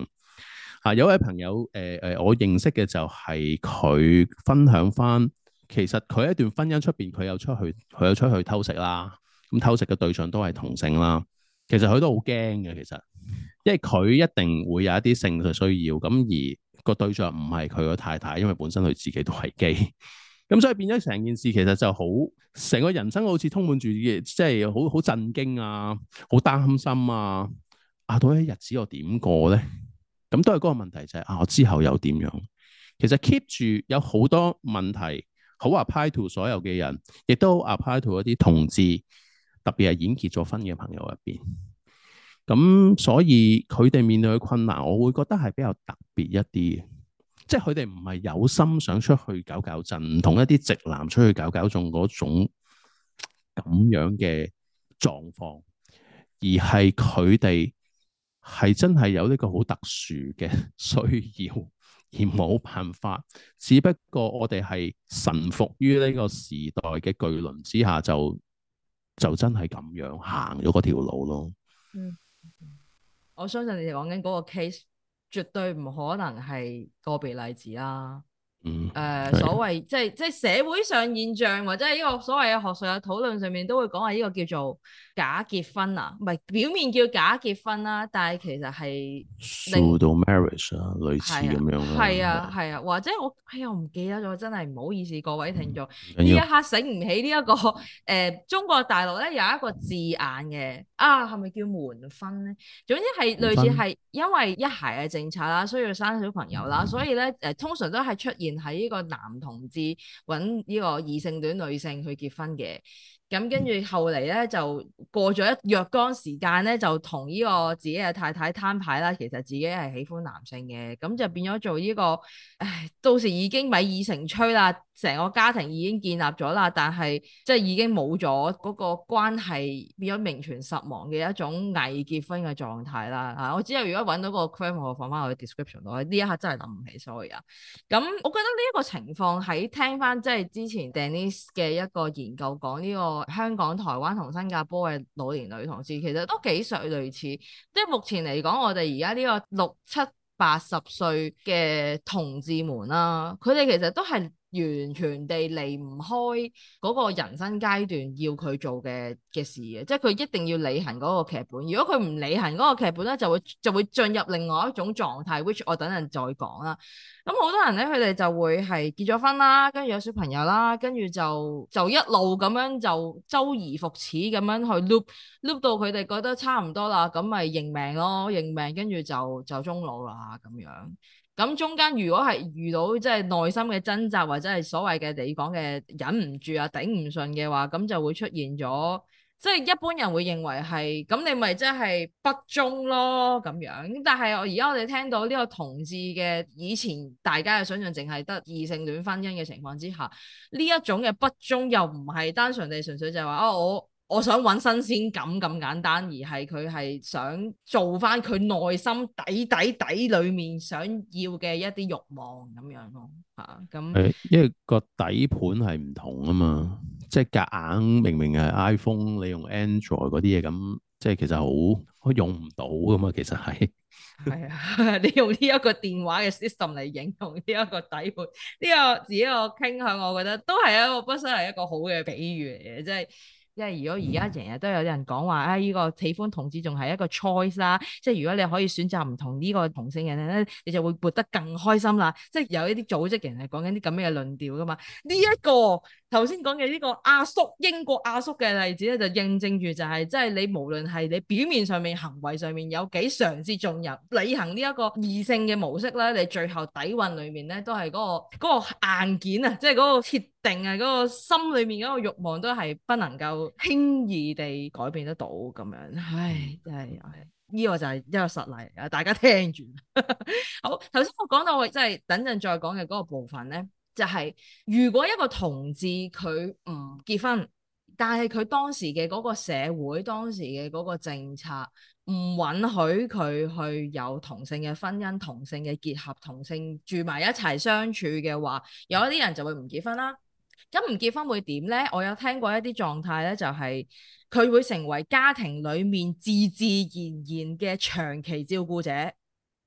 嚇、啊，有位朋友誒誒、呃，我認識嘅就係佢分享翻，其實佢一段婚姻出邊，佢有出去，佢有出去偷食啦。咁偷食嘅對象都係同性啦，其實佢都好驚嘅。其實，因為佢一定會有一啲性嘅需要，咁而個對象唔係佢個太太，因為本身佢自己都係基，咁 所以變咗成件事其實就好成個人生好似充滿住，嘅、就是，即係好好震驚啊，好擔心啊。啊，到一日子我點過呢？咁都係嗰個問題就係、是、啊，我之後又點樣？其實 keep 住有好多問題，好 apply to 所有嘅人，亦都 apply to 一啲同志。特別係演結咗婚嘅朋友入邊，咁所以佢哋面對嘅困難，我會覺得係比較特別一啲，即係佢哋唔係有心想出去搞搞震，唔同一啲直男出去搞搞中嗰種咁樣嘅狀況，而係佢哋係真係有呢個好特殊嘅需要，而冇辦法。只不過我哋係臣服於呢個時代嘅巨輪之下就。就真係咁樣行咗嗰條路咯。嗯，我相信你哋講緊嗰個 case，絕對唔可能係個別例子啦。誒，所謂即係即係社會上現象，或者係呢個所謂嘅學術嘅討論上面，都會講話呢個叫做假結婚啊，唔係表面叫假結婚啦、啊，但係其實係類似 marriage 啊的，類似咁樣係啊係啊，或者我、哎、我唔記得咗，真係唔好意思，各位聽眾呢一刻醒唔起呢、這、一個誒、呃，中國大陸咧有一個字眼嘅。嗯啊，係咪叫門婚咧？總之係類似係因為一孩嘅政策啦，需要生小朋友啦，嗯、所以咧誒通常都係出現喺呢個男同志揾呢個異性戀女性去結婚嘅。咁跟住後嚟咧就過咗一若干時間咧，就同呢個自己嘅太太攤牌啦。其實自己係喜歡男性嘅，咁就變咗做呢、呢個。唉，到時已經米已成炊啦，成個家庭已經建立咗啦，但係即係已經冇咗嗰個關係，變咗名存實忘嘅一種偽結婚嘅狀態啦，嚇！我只有如果揾到個 claim，我放翻我嘅 description 度。呢一刻真係諗唔起，sorry 啊！咁我覺得呢一個情況喺聽翻即係之前 Dennis 嘅一個研究講呢個香港、台灣同新加坡嘅老年女同志其實都幾相類似。即係目前嚟講，我哋而家呢個六七八十歲嘅同志們啦，佢哋其實都係。完全地離唔開嗰個人生階段要佢做嘅嘅事嘅，即係佢一定要履行嗰個劇本。如果佢唔履行嗰個劇本咧，就會就會進入另外一種狀態，which 我等陣再講啦。咁好多人咧，佢哋就會係結咗婚啦，跟住有小朋友啦，跟住就就一路咁樣就周而復始咁樣去 loop loop 到佢哋覺得差唔多啦，咁咪認命咯，認命跟住就就中老啦咁樣。咁中間如果係遇到即係內心嘅掙扎或者係所謂嘅你講嘅忍唔住啊頂唔順嘅話，咁就會出現咗即係一般人會認為係咁你咪即係不忠咯咁樣。但係我而家我哋聽到呢個同志嘅以前大家嘅想象淨係得異性戀婚姻嘅情況之下，呢一種嘅不忠又唔係單純地純粹就係話哦，我。我想揾新鮮感咁簡單，而係佢係想做翻佢內心底底底裡面想要嘅一啲慾望咁樣咯嚇。咁誒，因為個底盤係唔同啊嘛，即係夾硬明明係 iPhone，你用 Android 嗰啲嘢咁，即係其實好用唔到噶嘛。其實係係啊，你用呢一個電話嘅 system 嚟形容呢一個底盤，呢個自己個傾向，我覺得都係一個不失係一個好嘅比喻嚟嘅，即係。因為如果而家成日都有啲人講話，啊、哎、呢個喜歡同志仲係一個 choice 啦，即係如果你可以選擇唔同呢個同性人咧，你就會活得更開心啦。即係有一啲組織人係講緊啲咁嘅論調噶嘛，呢一個。頭先講嘅呢個阿叔，英國阿叔嘅例子咧，就印證住就係、係，即係你無論係你表面上面行為上面有幾常之重，入履行呢一個異性嘅模式咧，你最後底蘊裏面咧都係嗰、嗰個、嗰個硬件啊，即係嗰個設定啊，嗰、嗰個心裏面嗰個欲望都係不能夠輕易地改變得到咁樣。唉，真係，呢、呢個就係一個實例啊！大家聽住。 好，頭先我講到即係、就是、等陣再講嘅嗰個部分咧。就係如果一個同志佢唔結婚，但係佢當時嘅嗰個社會、當時嘅嗰個政策唔允許佢去有同性嘅婚姻、同性嘅結合、同性住埋一齊相處嘅話，有一啲人就會唔結婚啦。咁唔結婚會點呢？我有聽過一啲狀態咧，就係佢會成為家庭裡面自自然然嘅長期照顧者。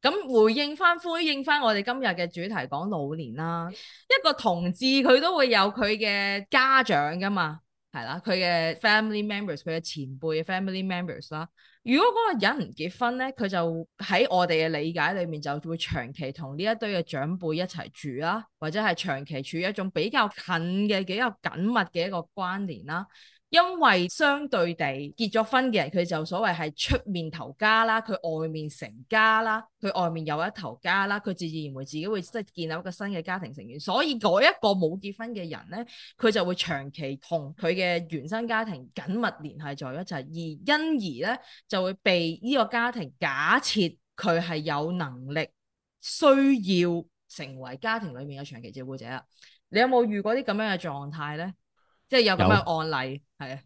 咁回應翻、呼應翻我哋今日嘅主題講老年啦。一個同志佢都會有佢嘅家長噶嘛，係啦，佢嘅 family members，佢嘅前輩嘅 family members 啦。如果嗰個人唔結婚咧，佢就喺我哋嘅理解裏面就會長期同呢一堆嘅長輩一齊住啦、啊，或者係長期處於一種比較近嘅、比較緊密嘅一個關聯啦、啊。因為相對地結，結咗婚嘅人佢就所謂係出面投家啦，佢外面成家啦，佢外面有一頭家啦，佢自自然會自己會即係建立一個新嘅家庭成員。所以嗰一個冇結婚嘅人咧，佢就會長期同佢嘅原生家庭緊密聯繫在一齊，而因而咧就會被呢個家庭假設佢係有能力需要成為家庭裏面嘅長期照顧者啦。你有冇遇過啲咁樣嘅狀態咧？即係有咁嘅有案例，係啊，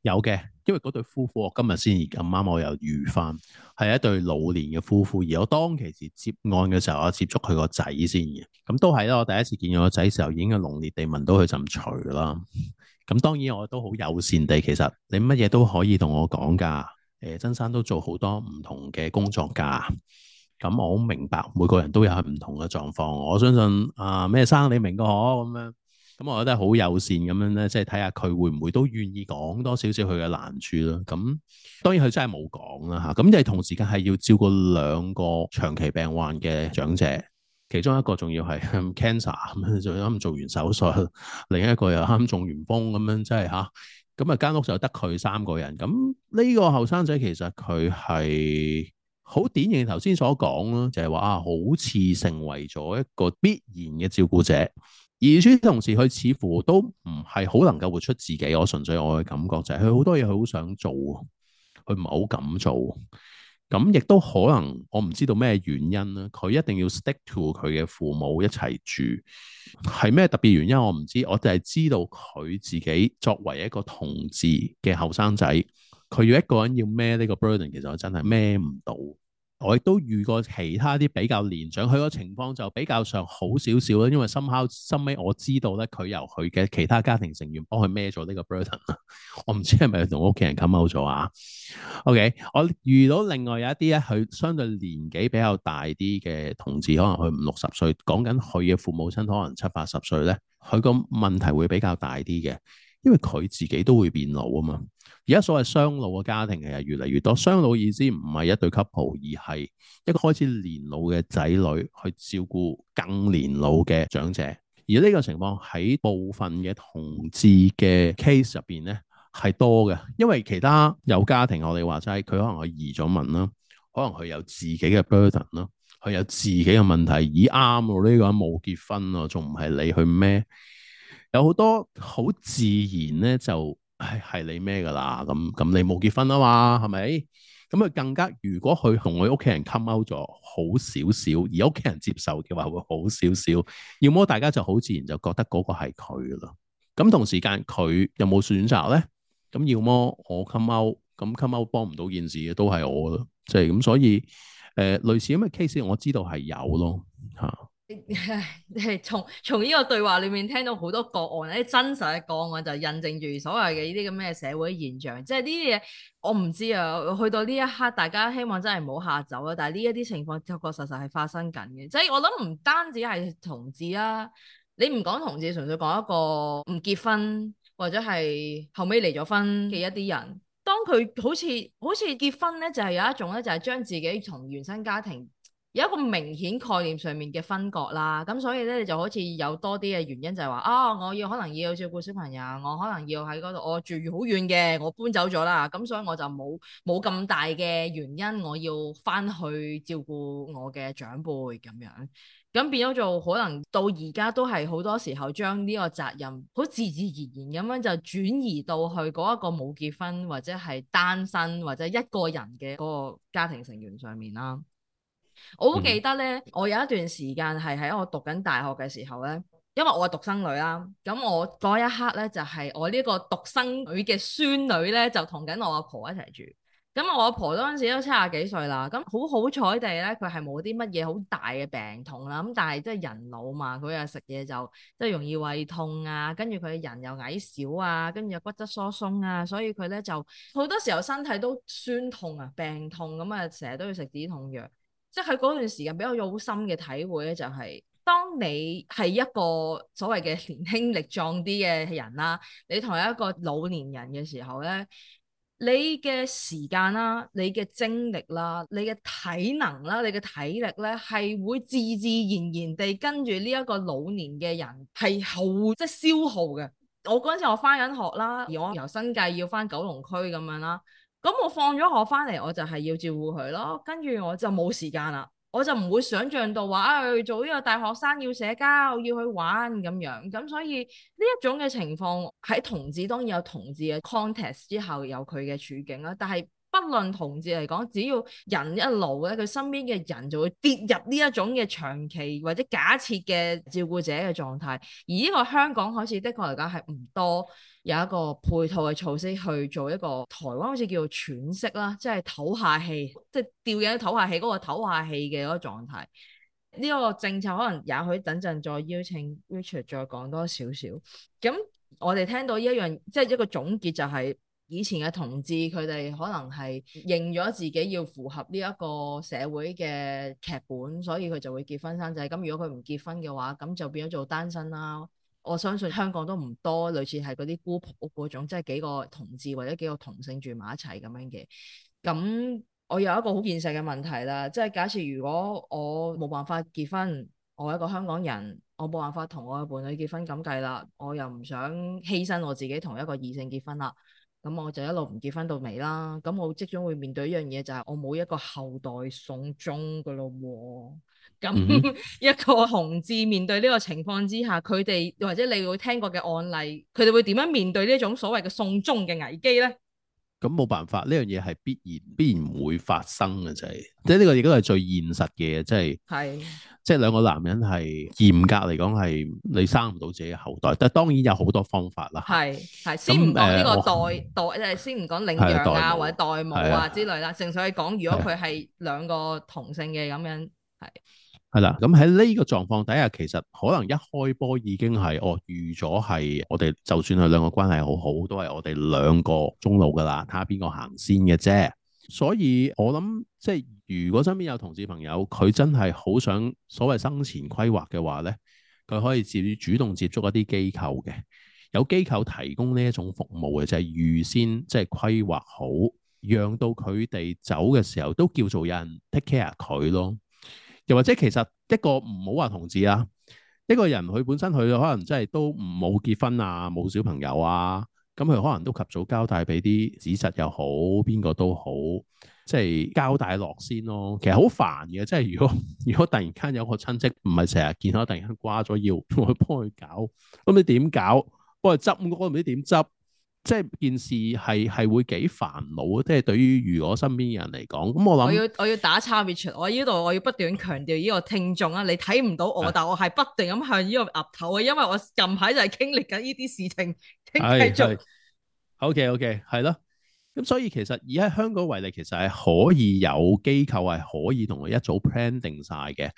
有嘅，因為嗰對夫婦我今日先咁啱，我又預翻係一對老年嘅夫婦，而我當其時接案嘅時候，我接觸佢個仔先嘅，咁、嗯、都係啦。我第一次見佢個仔時候，已經濃烈地聞到佢陣除啦。咁、嗯嗯、當然我都好友善地，其實你乜嘢都可以同我講噶。誒、呃，曾生都做好多唔同嘅工作噶。咁、嗯、我好明白，每個人都有唔同嘅狀況。我相信啊，咩生你明噶，我咁樣。咁、嗯、我覺得好友善咁樣咧，即係睇下佢會唔會都願意講多少少佢嘅難處咯。咁、嗯、當然佢真係冇講啦嚇。咁但係同時間係要照顧兩個長期病患嘅長者，其中一個仲要係咁 cancer，就啱做完手術，啊、另一個又啱中、啊、完風咁樣、啊，即係嚇。咁啊間、那個、屋就得佢三個人。咁、嗯、呢、這個後生仔其實佢係好典型頭先所講咯，就係、是、話啊，好似成為咗一個必然嘅照顧者。而、G、同時，佢似乎都唔係好能夠活出自己。我純粹我嘅感覺就係佢好多嘢，佢好想做，佢唔係好敢做。咁亦都可能我唔知道咩原因啦。佢一定要 stick to 佢嘅父母一齊住，係咩特別原因我唔知。我就係知道佢自己作為一個同志嘅後生仔，佢要一個人要孭呢個 burden，其實我真係孭唔到。我亦都遇過其他啲比較年長，佢個情況就比較上好少少啦。因為深口深尾我知道咧，佢由佢嘅其他家庭成員幫佢孭咗呢個 burden 我唔知係咪同屋企人 come out 咗啊？OK，我遇到另外有一啲咧，佢相對年紀比較大啲嘅同志，可能佢五六十歲，講緊佢嘅父母親可能七八十歲咧，佢個問題會比較大啲嘅。因為佢自己都會變老啊嘛，而家所謂雙老嘅家庭其實越嚟越多。雙老意思唔係一對 c o 而係一個開始年老嘅仔女去照顧更年老嘅長者。而呢個情況喺部分嘅同志嘅 case 入邊咧係多嘅，因為其他有家庭我哋話齋，佢可能佢移咗民啦，可能佢有自己嘅 burden 啦，佢有自己嘅問題。咦，啱喎，呢、這個人冇結婚啊，仲唔係你去咩？有好多好自然咧，就係係你咩噶啦咁咁，你冇結婚啊嘛，係咪？咁啊，更加如果佢同我屋企人 come out 咗，好少少，而屋企人接受嘅話，會好少少。要麼大家就好自然就覺得嗰個係佢咯。咁同時間佢有冇選擇咧？咁要麼我 come out 咁 come out 幫唔到件事嘅都係我咯。即係咁，所以誒、呃、類似咁嘅 case，我知道係有咯吓。啊係，從從呢個對話裏面聽到好多個案，呢真實嘅個案就印證住所謂嘅呢啲咁嘅社會現象，即係呢啲嘢我唔知啊。去到呢一刻，大家希望真係冇下走啦。但係呢一啲情況確確實實係發生緊嘅，即係我諗唔單止係同志啊，你唔講同志，純粹講一個唔結婚或者係後尾離咗婚嘅一啲人，當佢好似好似結婚咧，就係有一種咧，就係將自己從原生家庭。有一個明顯概念上面嘅分割啦，咁所以咧，你就好似有多啲嘅原因就係話，啊、哦，我要可能要照顧小朋友，我可能要喺嗰度，我住好遠嘅，我搬走咗啦，咁所以我就冇冇咁大嘅原因，我要翻去照顧我嘅長輩咁樣，咁變咗做可能到而家都係好多時候將呢個責任好自自然然咁樣就轉移到去嗰一個冇結婚或者係單身或者一個人嘅嗰個家庭成員上面啦。我好記得咧，我有一段時間係喺我讀緊大學嘅時候咧，因為我係獨生女啦，咁我嗰一刻咧就係我呢個獨生女嘅孫女咧就同緊我阿婆一齊住，咁我阿婆嗰陣時都七廿幾歲啦，咁好好彩地咧佢係冇啲乜嘢好大嘅病痛啦，咁但係即係人老嘛，佢又食嘢就即係容易胃痛啊，跟住佢人又矮小啊，跟住又骨質疏鬆啊，所以佢咧就好多時候身體都酸痛啊，病痛咁啊，成日都要食止痛藥。即係嗰段時間，俾我有好深嘅體會咧、就是，就係當你係一個所謂嘅年輕力壯啲嘅人啦，你同一個老年人嘅時候咧，你嘅時間啦、你嘅精力啦、你嘅體能啦、你嘅體力咧，係會自自然然地跟住呢一個老年嘅人係好即係消耗嘅。我嗰陣時我翻緊學啦，而我由新界要翻九龍區咁樣啦。咁我放咗學翻嚟，我就係要照顧佢咯，跟住我就冇時間啦，我就唔會想像到話啊、哎，做呢個大學生要社交，要去玩咁樣，咁所以呢一種嘅情況喺同志當然有同志嘅 context 之後有佢嘅處境啦，但係。不論同志嚟講，只要人一老咧，佢身邊嘅人就會跌入呢一種嘅長期或者假設嘅照顧者嘅狀態。而呢個香港好似的確嚟講係唔多有一個配套嘅措施去做一個台灣好似叫做喘息啦，即係唞下氣，即係調嘢唞下氣嗰個唞下氣嘅嗰個狀態。呢個政策可能也許等陣再邀請 Richard 再講多少少。咁我哋聽到呢一樣即係一個總結就係。以前嘅同志佢哋可能係認咗自己要符合呢一個社會嘅劇本，所以佢就會結婚生仔。咁如果佢唔結婚嘅話，咁就變咗做單身啦。我相信香港都唔多類似係嗰啲姑婆屋嗰種，即係幾個同志或者幾個同性住埋一齊咁樣嘅。咁我有一個好現實嘅問題啦，即係假設如果我冇辦法結婚，我係一個香港人，我冇辦法同我嘅伴侶結婚咁計啦，我又唔想犧牲我自己同一個異性結婚啦。咁我就一路唔結婚到尾啦。咁我即將會面對一樣嘢就係、是、我冇一個後代送終嘅咯喎。咁、嗯嗯、 一個同志面對呢個情況之下，佢哋或者你會聽過嘅案例，佢哋會點樣面對呢種所謂嘅送終嘅危機咧？咁冇辦法，呢樣嘢係必然必然會發生嘅，就係即係呢個亦都係最現實嘅，即係，是即係兩個男人係嚴格嚟講係你生唔到自己後代，但係當然有好多方法啦。係係，先唔講呢個代、呃、代，即係代代先唔講領養啊或者代母啊之類啦，純粹係講如果佢係兩個同性嘅咁樣係。係啦，咁喺呢個狀況底下，其實可能一開波已經係、哦、我預咗係，我哋就算係兩個關係好好，都係我哋兩個中路噶啦，睇下邊個行先嘅啫。所以，我諗即係如果身邊有同志朋友，佢真係好想所謂生前規劃嘅話咧，佢可以自主動接觸一啲機構嘅，有機構提供呢一種服務嘅，就係、是、預先即係規劃好，讓到佢哋走嘅時候都叫做有人 take care 佢咯。又或者其實一個唔好話同志啊，一個人佢本身佢可能真係都唔冇結婚啊，冇小朋友啊，咁佢可能都及早交代俾啲子侄又好，邊個都好，即係交代落先咯。其實好煩嘅，即係如果如果突然間有個親戚唔係成日見，到，突然間瓜咗，要我幫佢搞，咁你點搞？幫佢執，我唔知點執。即係件事係係會幾煩惱，即係對於如果身邊嘅人嚟講，咁我諗我要我要打叉 which 我呢度我要不斷強調呢個聽眾啊，你睇唔到我，的但我係不斷咁向呢個岌頭啊，因為我近排就係經歷緊呢啲事情，聽繼續。OK OK，係咯，咁、okay, okay, 所以其實以喺香港為例，其實係可以有機構係可以同佢一早 plan 定晒嘅，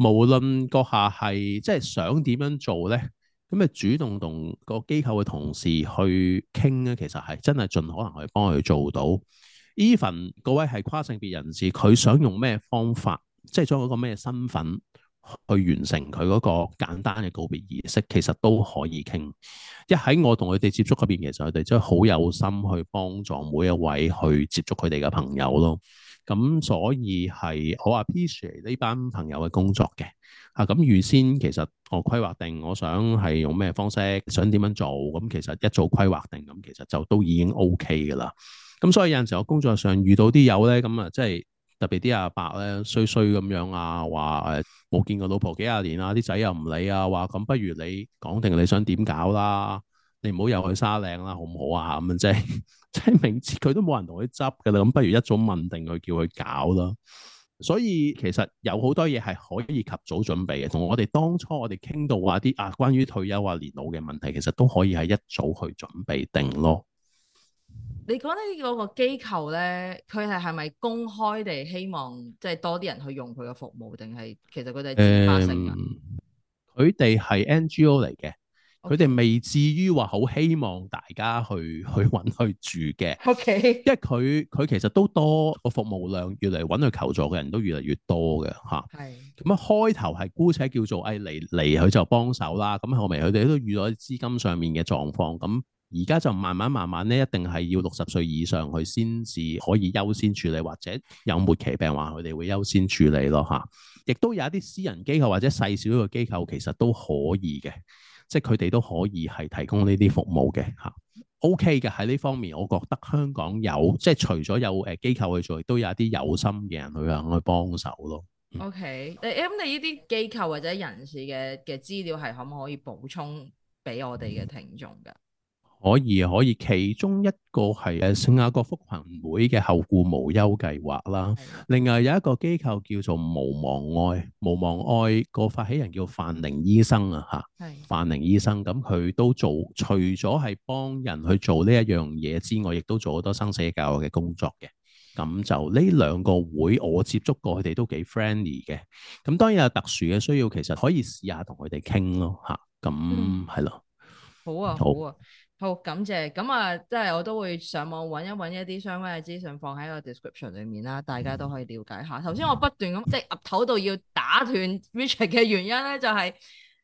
無論閣下係即係想點樣做咧。咁咪主動同個機構嘅同事去傾咧，其實係真係盡可能去幫佢做到。Even 各位係跨性別人士，佢想用咩方法，即係將嗰個咩身份去完成佢嗰個簡單嘅告別儀式，其實都可以傾。一喺我同佢哋接觸嗰邊，其實佢哋真係好有心去幫助每一位去接觸佢哋嘅朋友咯。咁所以係我 appreciate 呢班朋友嘅工作嘅，啊咁預先其實我規劃定，我想係用咩方式，想點樣做，咁其實一早規劃定，咁其實就都已經 O K 嘅啦。咁所以有陣時候工作上遇到啲友咧，咁啊即係特別啲阿伯咧，衰衰咁樣啊，話誒冇見個老婆幾廿年啊，啲仔又唔理啊，話咁不如你講定你想點搞啦，你唔好又去沙嶺啦，好唔好啊？咁樣即係。 即係明知佢都冇人同佢執嘅啦，咁不如一早問定佢叫佢搞啦。所以其實有好多嘢係可以及早準備嘅。同我哋當初我哋傾到話啲啊，關於退休啊、年老嘅問題，其實都可以係一早去準備定咯。你講呢個機構咧，佢係係咪公開地希望即係、就是、多啲人去用佢嘅服務，定係其實佢哋自發性嘅？佢哋係 NGO 嚟嘅。佢哋 Okay. 未至於話好希望大家去去揾佢住嘅，OK，因為佢佢其實都多個服務量，越嚟揾佢求助嘅人都越嚟越多嘅嚇。係咁 Okay. 啊，開頭係姑且叫做誒嚟嚟佢就幫手啦。咁、啊、後面佢哋都遇到啲資金上面嘅狀況。咁而家就慢慢慢慢咧，一定係要六十歲以上佢先至可以優先處理，或者有末期病患佢哋會優先處理咯嚇。亦、啊、都有一啲私人機構或者細小嘅機構其實都可以嘅。即係佢哋都可以係提供呢啲服務嘅吓，OK 嘅喺呢方面，我覺得香港有，即係除咗有誒機構去做，都有一啲有心嘅人去去幫手咯。OK，誒咁你呢啲機構或者人士嘅嘅資料係可唔可以補充俾我哋嘅聽眾㗎？嗯可以，可以。其中一個係誒聖雅各福群會嘅後顧無憂計劃啦。另外有一個機構叫做毋忘愛，毋忘愛個發起人叫范寧醫生啊，吓。係范寧醫生，咁佢都做，除咗係幫人去做呢一樣嘢之外，亦都做好多生死教育嘅工作嘅。咁就呢兩個會，我接觸過佢哋都幾 friendly 嘅。咁當然有特殊嘅需要，其實可以試下同佢哋傾咯，吓。咁係咯。好啊，好啊。好，感謝咁啊，即係我都會上網揾一揾一啲相關嘅資訊，放喺個 description 裏面啦，大家都可以了解下。頭先我不斷咁即係岌頭到要打斷 Richard 嘅原因咧，就係，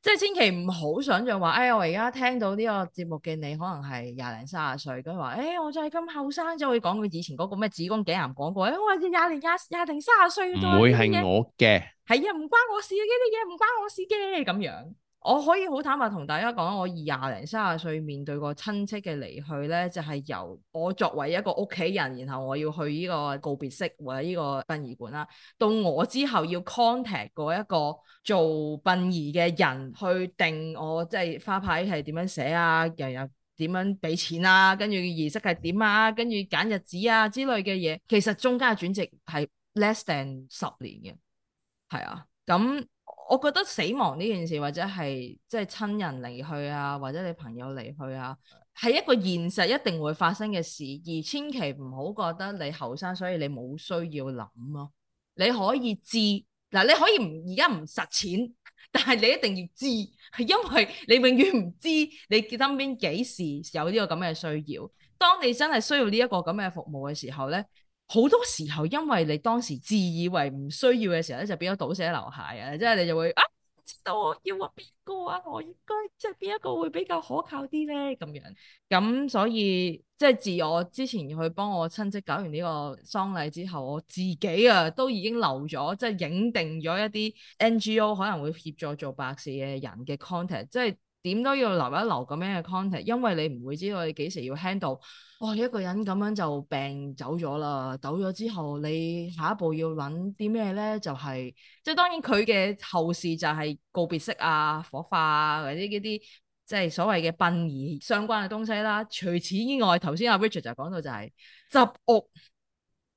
即係千祈唔好想象話，哎呀，我而家聽到呢個節目嘅你，可能係廿零三十歲佢話，哎，我就係咁後生，即係我講佢以前嗰個咩子宮頸癌廣告，哎，我係廿零廿廿定三十歲唔會係我嘅，係啊，唔關我事嘅啲嘢，唔關我事嘅咁樣。我可以好坦白同大家講，我二廿零、三十歲面對過親戚嘅離去咧，就係、是、由我作為一個屋企人，然後我要去呢個告別式或者呢個殯儀館啦，到我之後要 contact 過一個做殯儀嘅人去定我即係、就是、花牌係點樣寫啊，又又點樣俾錢啊，跟住儀式係點啊，跟住揀日子啊之類嘅嘢，其實中間轉接係 less than 十年嘅，係啊，咁。我覺得死亡呢件事，或者係即係親人離去啊，或者你朋友離去啊，係一個現實一定會發生嘅事，而千祈唔好覺得你後生，所以你冇需要諗咯啊。你可以知嗱，你可以唔而家唔實踐，但係你一定要知，係因為你永遠唔知你身邊幾時有呢個咁嘅需要。當你真係需要呢一個咁嘅服務嘅時候咧。好多時候，因為你當時自以為唔需要嘅時候咧，就變咗倒瀉籮蟹啊！即係你就會啊，唔知道我要啊邊個啊，我應該即係邊一個會比較可靠啲咧咁樣。咁所以即係自我之前去幫我親戚搞完呢個喪禮之後，我自己啊都已經留咗，即係影定咗一啲 NGO 可能會協助做白事嘅人嘅 contact，即係點都要留一留咁樣嘅 contact，因為你唔會知道你幾時要 handle。哇！哦、你一個人咁樣就病走咗啦，走咗之後，你下一步要揾啲咩咧？就係即係當然佢嘅後事就係告別式啊、火化啊，或者嗰啲即係所謂嘅殯儀相關嘅東西啦。除此以外，頭先阿 Richard 就講到就係執屋，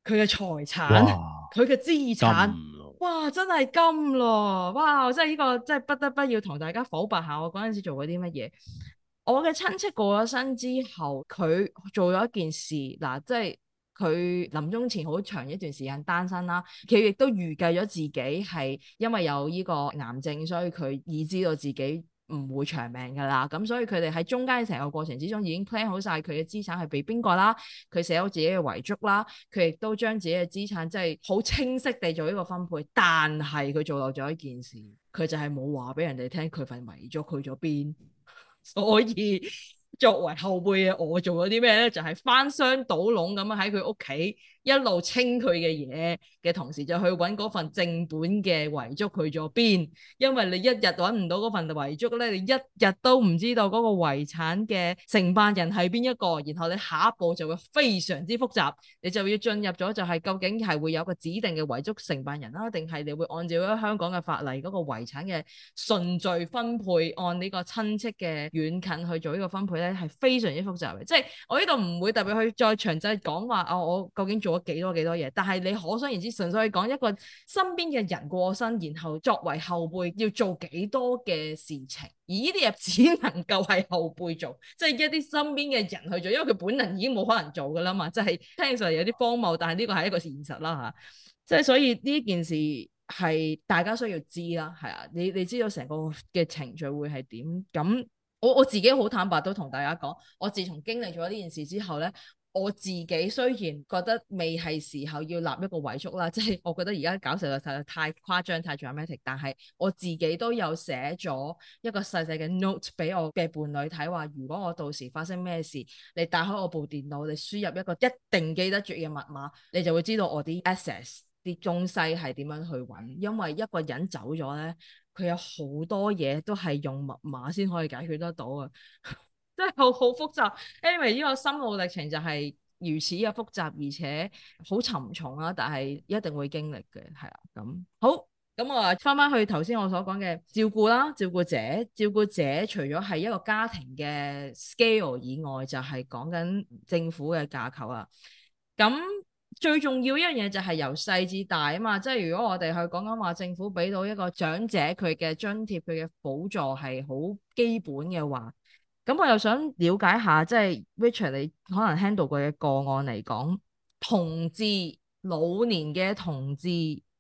佢嘅財產、佢嘅哇資產金哇，哇！真係金咯！哇！真係呢個真係不得不要同大家剖白下我嗰陣時做過啲乜嘢。我嘅親戚過咗身之後，佢做咗一件事，嗱、啊，即係佢臨終前好長一段時間單身啦。佢亦都預計咗自己係因為有呢個癌症，所以佢已知道自己唔會長命噶啦。咁所以佢哋喺中間成個過程之中已經 plan 好晒佢嘅資產係俾邊個啦。佢寫好自己嘅遺囑啦。佢亦都將自己嘅資產即係好清晰地做呢個分配。但係佢做漏咗一件事，佢就係冇話俾人哋聽佢份遺囑去咗邊。所以，作為後輩嘅我做咗啲咩咧？就係、是、翻箱倒籠咁樣喺佢屋企。一路清佢嘅嘢嘅同時就去揾份正本嘅遺囑去咗邊？因為你一日揾唔到嗰份遺囑咧，你一日都唔知道嗰個遺產嘅承辦人係邊一個，然後你下一步就會非常之複雜，你就要進入咗就係究竟係會有個指定嘅遺囑承辦人啦，定係你會按照香港嘅法例嗰個遺產嘅順序分配，按呢個親戚嘅遠近去做呢個分配咧，係非常之複雜嘅。即係我呢度唔會特別去再詳細講話哦，我究竟做。幾多幾多嘢，但係你可想而知，純粹係講一個身邊嘅人過身，然後作為後輩要做幾多嘅事情，而呢啲嘢只能夠係後輩做，即係一啲身邊嘅人去做，因為佢本能已經冇可能做噶啦嘛，即係聽上嚟有啲荒謬，但係呢個係一個現實啦吓，即係所以呢件事係大家需要知啦，係啊，你你知道成個嘅程序會係點？咁我我自己好坦白都同大家講，我自從經歷咗呢件事之後咧。我自己雖然覺得未係時候要立一個遺囑啦，即係我覺得而家搞實在實在太誇張太重 a m 但係我自己都有寫咗一個細細嘅 note 俾我嘅伴侶睇，話如果我到時發生咩事，你打開我部電腦，你輸入一個一定記得住嘅密碼，你就會知道我啲 access 啲東西係點樣去揾，因為一個人走咗咧，佢有好多嘢都係用密碼先可以解決得到啊。 真係好好複雜 anyway，呢個心路歷程就係如此嘅複雜，而且好沉重啊！但係一定會經歷嘅，係啊，咁好。咁我話翻翻去頭先我所講嘅照顧啦，照顧者，照顧者除咗係一個家庭嘅 scale 以外，就係講緊政府嘅架構啊。咁最重要一樣嘢就係由細至大啊嘛，即係如果我哋去講緊話政府俾到一個長者佢嘅津貼、佢嘅補助係好基本嘅話。咁我又想了解下，即係 Richard 你可能 handle 過嘅個案嚟講，同志、老年嘅同志，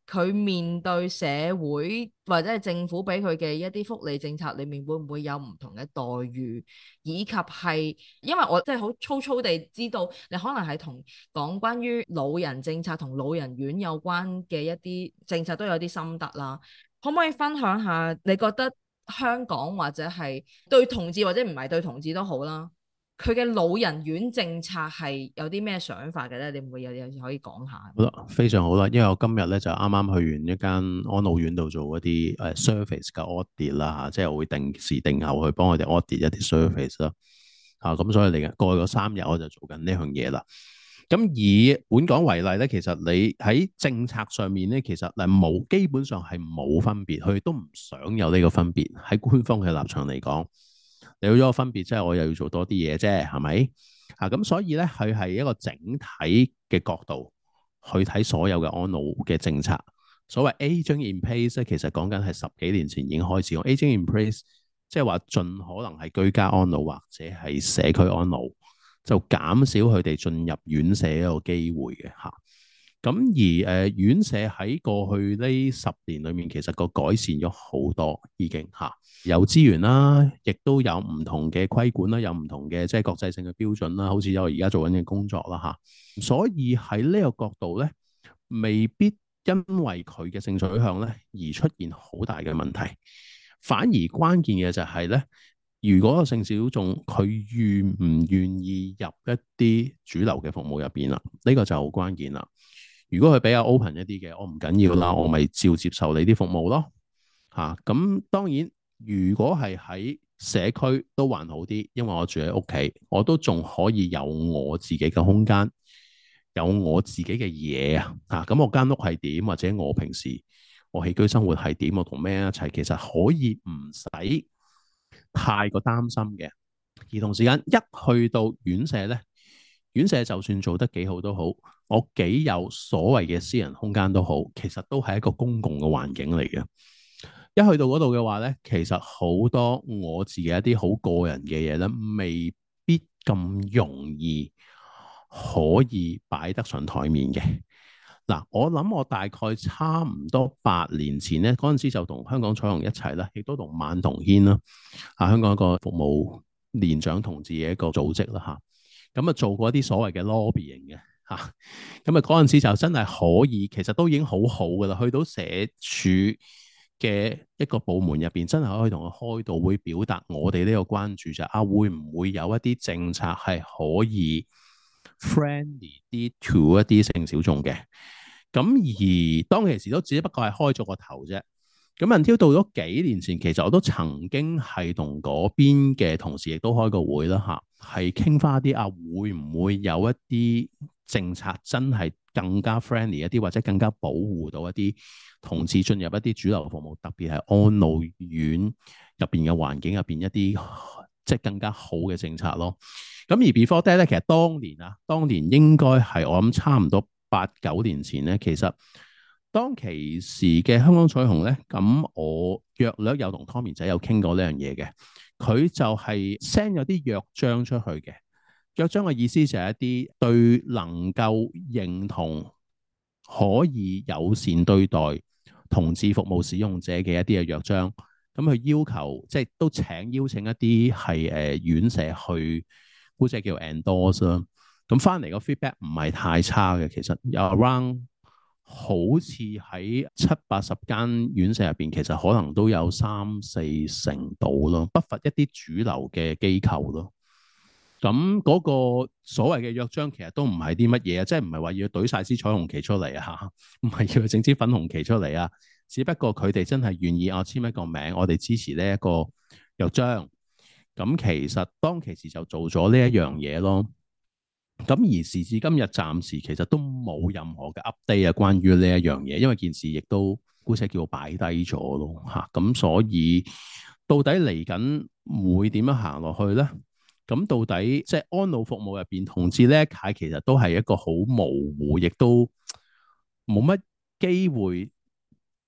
佢面對社會或者係政府俾佢嘅一啲福利政策裏面，會唔會有唔同嘅待遇，以及係因為我即係好粗粗地知道，你可能係同講關於老人政策同老人院有關嘅一啲政策都有啲心得啦，可唔可以分享下你覺得？香港或者係對同志或者唔係對同志都好啦，佢嘅老人院政策係有啲咩想法嘅咧？你唔會有啲可以講下？好啦的，吧非常好啦，因為我今日咧就啱啱去完一間安老院度做一啲誒 service 嘅 audit 啦，即係我會定時定候去幫佢哋 audit 一啲 service 啦，啊咁所以嚟嘅過去三日我就做緊呢樣嘢啦。咁以本港為例咧，其實你喺政策上面咧，其實嗱冇基本上係冇分別，佢都唔想有呢個分別。喺官方嘅立場嚟講，你有咗個分別即係我又要做多啲嘢啫，係咪？啊，咁所以咧，佢係一個整體嘅角度去睇所有嘅安老嘅政策。所謂 aging in place 咧，其實講緊係十幾年前已經開始用 aging in place，即係話盡可能係居家安老或者係社區安老。就減少佢哋進入院舍一個機會嘅嚇，咁、啊、而誒、呃、院舍喺過去呢十年裏面，其實個改善咗好多，已經嚇、啊、有資源啦，亦都有唔同嘅規管啦，有唔同嘅即係國際性嘅標準啦，好似我而家做緊嘅工作啦嚇、啊，所以喺呢個角度咧，未必因為佢嘅性取向咧而出現好大嘅問題，反而關鍵嘅就係咧。如果性小眾佢願唔願意入一啲主流嘅服務入邊啦，呢、這個就好關鍵啦。如果佢比較 open 一啲嘅，我唔緊要啦，我咪照接受你啲服務咯。嚇、啊，咁當然如果係喺社區都還好啲，因為我住喺屋企，我都仲可以有我自己嘅空間，有我自己嘅嘢啊。嚇，咁我間屋係點，或者我平時我起居生活係點，我同咩一齊，其實可以唔使。太過擔心嘅，而同時間一去到院舍咧，院舍就算做得幾好都好，我幾有所謂嘅私人空間都好，其實都係一個公共嘅環境嚟嘅。一去到嗰度嘅話咧，其實好多我自己一啲好個人嘅嘢咧，未必咁容易可以擺得上台面嘅。嗱、啊，我諗我大概差唔多八年前咧，嗰陣時就同香港彩虹一齊啦，亦都同晚同牽啦，啊香港一個服務年長同志嘅一個組織啦吓，咁啊，啊做過一啲所謂嘅 lobby 型嘅吓，咁啊嗰陣、啊、時就真係可以，其實都已經好好噶啦，去到社署嘅一個部門入邊，真係可以同佢開到會，表達我哋呢個關注就是、啊，會唔會有一啲政策係可以？friendly 啲，to 一啲性小眾嘅，咁而當其時都只不過係開咗個頭啫。咁人超到咗幾年前，其實我都曾經係同嗰邊嘅同事亦都開過會啦，吓，係傾翻啲啊，會唔會有一啲政策真係更加 friendly 一啲，或者更加保護到一啲同志進入一啲主流服務，特別係安老院入邊嘅環境入邊一啲，即係更加好嘅政策咯。咁而 before that 咧，其實當年啊，當年應該係我諗差唔多八九年前咧。其實當其時嘅香港彩虹咧，咁我約略有同 Tommy 仔有傾過呢樣嘢嘅，佢就係 send 咗啲約章出去嘅。約章嘅意思就係一啲對能夠認同可以友善對待同志服務使用者嘅一啲嘅約章。咁佢要求即係都請邀請一啲係誒院舍去。姑姐叫 endorse 啦，咁返嚟個 feedback 唔係太差嘅，其實有 around 好似喺七八十間院舍入邊，其實可能都有三四成度咯，不乏一啲主流嘅機構咯。咁嗰個所謂嘅約章，其實都唔係啲乜嘢啊，即係唔係話要懟晒支彩虹旗出嚟啊，唔係要整支粉紅旗出嚟啊，只不過佢哋真係願意啊簽一個名，我哋支持呢一個約章。咁其實當其時就做咗呢一樣嘢咯，咁而時至今日，暫時其實都冇任何嘅 update 啊，關於呢一樣嘢，因為件事亦都姑且叫擺低咗咯，吓、啊，咁所以到底嚟緊會點樣行落去咧？咁、啊、到底即係、就是、安老服務入邊，同志呢一其實都係一個好模糊，亦都冇乜機會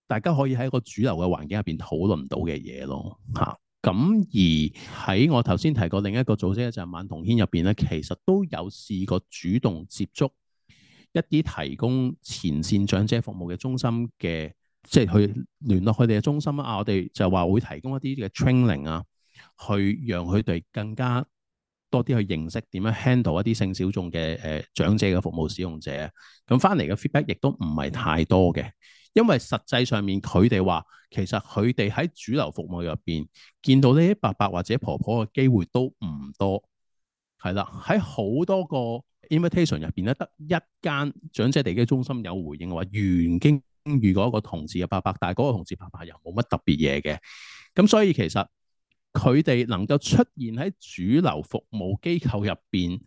大家可以喺一個主流嘅環境入邊討論到嘅嘢咯，吓、啊。咁而喺我頭先提過另一個組織咧，就係、是、晚同牽入邊咧，其實都有試過主動接觸一啲提供前線長者服務嘅中心嘅，即係去聯絡佢哋嘅中心啊。我哋就話會提供一啲嘅 training 啊，去讓佢哋更加多啲去認識點樣 handle 一啲性小眾嘅誒長者嘅服務使用者。咁、啊、翻嚟嘅 feedback 亦都唔係太多嘅。因為實際上面佢哋話，其實佢哋喺主流服務入邊見到呢啲伯伯或者婆婆嘅機會都唔多，係啦，喺好多個 invitation 入邊咧，得一間長者地基中心有回應話，原經遇過一個同志嘅伯伯，但係嗰個同志伯伯又冇乜特別嘢嘅，咁所以其實佢哋能夠出現喺主流服務機構入邊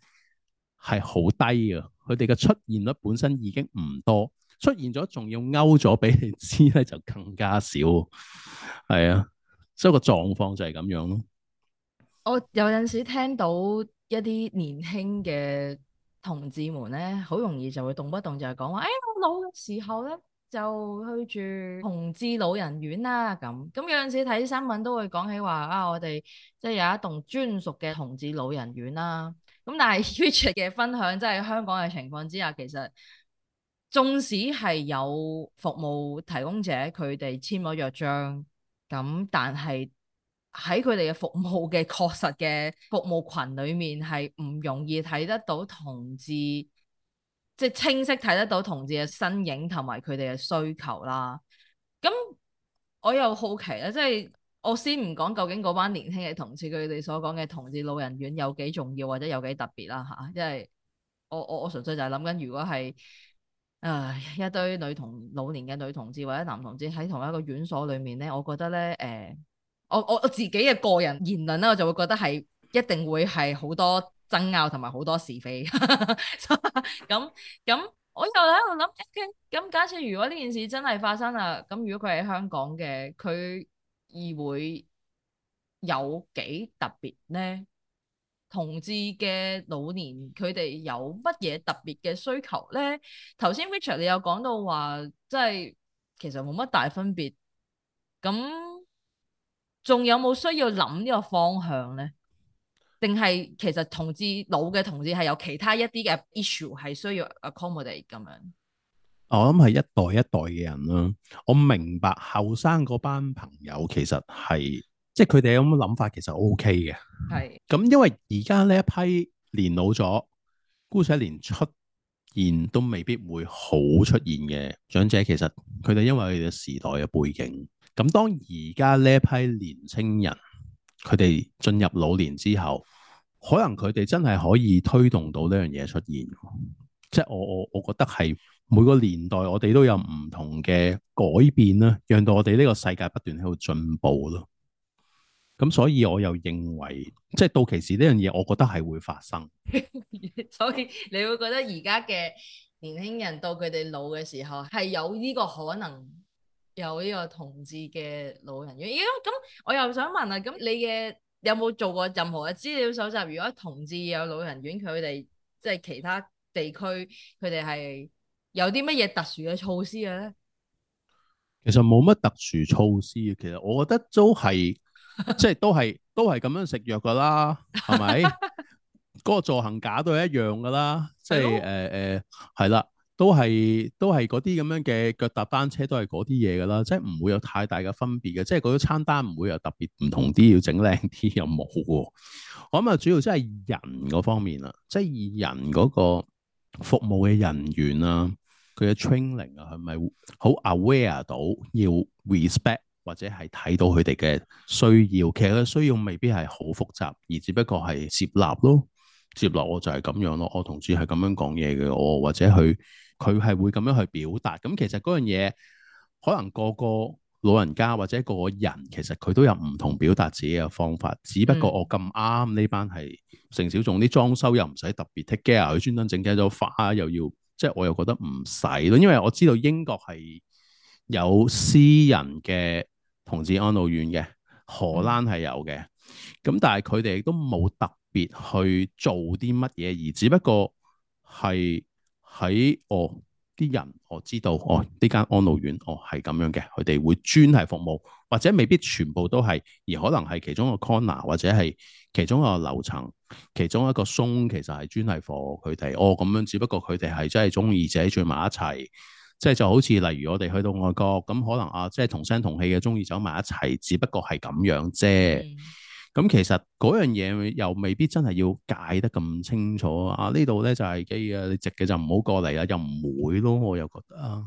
係好低嘅，佢哋嘅出現率本身已經唔多。出現咗，仲要勾咗俾你知咧，就更加少，係啊，所以個狀況就係咁樣咯。我有陣時聽到一啲年輕嘅同志們咧，好容易就會動不動就係講話，哎呀，我老嘅時候咧就去住同志老人院啦。咁咁有陣時睇新聞都會講起話啊，我哋即係有一棟專屬嘅同志老人院啦。咁但係 Rachel 嘅分享，即係香港嘅情況之下，其實。縱使係有服務提供者佢哋簽咗約章，咁但係喺佢哋嘅服務嘅確實嘅服務群裏面係唔容易睇得到同志，即係清晰睇得到同志嘅身影同埋佢哋嘅需求啦。咁我又好奇啦，即係我先唔講究竟嗰班年輕嘅同志佢哋所講嘅同志老人院有幾重要或者有幾特別啦嚇，因為我我我純粹就係諗緊如果係。誒，uh, 一堆女同老年嘅女同志或者男同志喺同一個院所裏面咧，我覺得咧，誒、呃，我我我自己嘅個人言論啦，我就會覺得係一定會係好多爭拗同埋好多是非咁咁。 我又喺度諗，OK，咁假設如果呢件事真係發生啦，咁如果佢喺香港嘅，佢議會有幾特別咧？同志嘅老年，佢哋有乜嘢特別嘅需求咧？頭先 Richard 你有講到話，即係其實冇乜大分別。咁仲有冇需要諗呢個方向咧？定係其實同志老嘅同志係有其他一啲嘅 issue 係需要 accommodate 咁樣。我諗係一代一代嘅人咯。我明白後生嗰班朋友其實係。即係佢哋有咁嘅諗法，其實 OK 嘅。係咁是，因為而家呢一批年老咗、姑且連出現都未必會好出現嘅長者，其實佢哋因為佢哋時代嘅背景，咁當而家呢一批年青人佢哋進入老年之後，可能佢哋真係可以推動到呢樣嘢出現。即係我我我覺得係每個年代我哋都有唔同嘅改變啦，讓到我哋呢個世界不斷喺度進步咯。咁所以我又認為，即係到期時呢樣嘢，我覺得係會發生。 所以你會覺得而家嘅年輕人到佢哋老嘅時候，係有呢個可能有呢個同志嘅老人院。咦、哎，家咁，我又想問啊，咁你嘅有冇做過任何嘅資料搜集？如果同志有老人院，佢哋即係其他地區，佢哋係有啲乜嘢特殊嘅措施嘅咧？其實冇乜特殊措施嘅，其實我覺得都係。 即係都係都係咁樣食藥噶啦，係咪？嗰 個助行架都係一樣噶啦、, 呃呃、啦，即係誒誒係啦，都係都係嗰啲咁樣嘅腳踏單車都係嗰啲嘢噶啦，即係唔會有太大嘅分別嘅，即係嗰啲餐單唔會有特別唔同啲要整靚啲又冇。咁啊，主要即係人嗰方面啦，即係以人嗰個服務嘅人員啊，佢嘅 training 啊，係咪好 aware 到要 respect？或者係睇到佢哋嘅需要，其實呢需要未必係好複雜，而只不過係接納咯，接納我就係咁樣咯。我同志係咁樣講嘢嘅，我或者佢佢係會咁樣去表達。咁、嗯嗯、其實嗰樣嘢可能個個老人家或者個個人其實佢都有唔同表達自己嘅方法，只不過我咁啱呢班係成小眾啲裝修又唔使特別 take care，佢專登整嘅咗花又要，即係我又覺得唔使咯，因為我知道英國係有私人嘅。同志安老院嘅，荷蘭係有嘅，咁但係佢哋都冇特別去做啲乜嘢，而只不過係喺哦啲人我知道，嗯、哦呢間安老院哦係咁樣嘅，佢哋會專係服務，或者未必全部都係，而可能係其中一個 corner 或者係其中一個樓層，其中一個 zone 其實係專係服務佢哋哦咁樣，只不過佢哋係真係中意自己聚埋一齊。即係就好似例如我哋去到外國，咁可能啊，即係同聲同氣嘅中意走埋一齊，只不過係咁樣啫。咁、嗯嗯、其實嗰樣嘢又未必真係要解得咁清楚啊！呢度咧就係、是、嘅、哎，你直嘅就唔好過嚟啦，又唔會咯，我又覺得啊，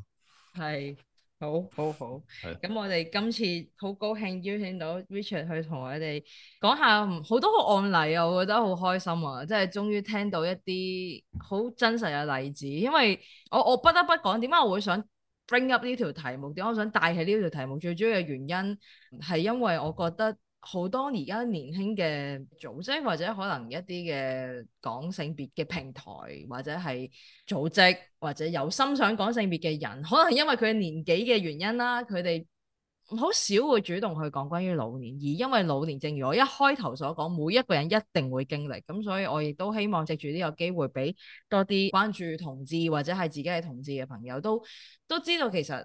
係。好好好，咁 我哋今次好高興邀請到 Richard 去同我哋講下好多個案例啊，我覺得好開心啊，即係終於聽到一啲好真實嘅例子。因為我我不得不講，點解我會想 bring up 呢條題目？點解我想帶起呢條題目？最主要嘅原因係因為我覺得，好多而家年輕嘅組織，即係或者可能一啲嘅講性別嘅平台，或者係組織，或者有心想講性別嘅人，可能因為佢嘅年紀嘅原因啦，佢哋好少會主動去講關於老年。而因為老年，正如我一開頭所講，每一個人一定會經歷。咁所以我亦都希望藉住呢個機會，俾多啲關注同志或者係自己嘅同志嘅朋友都都知道，其實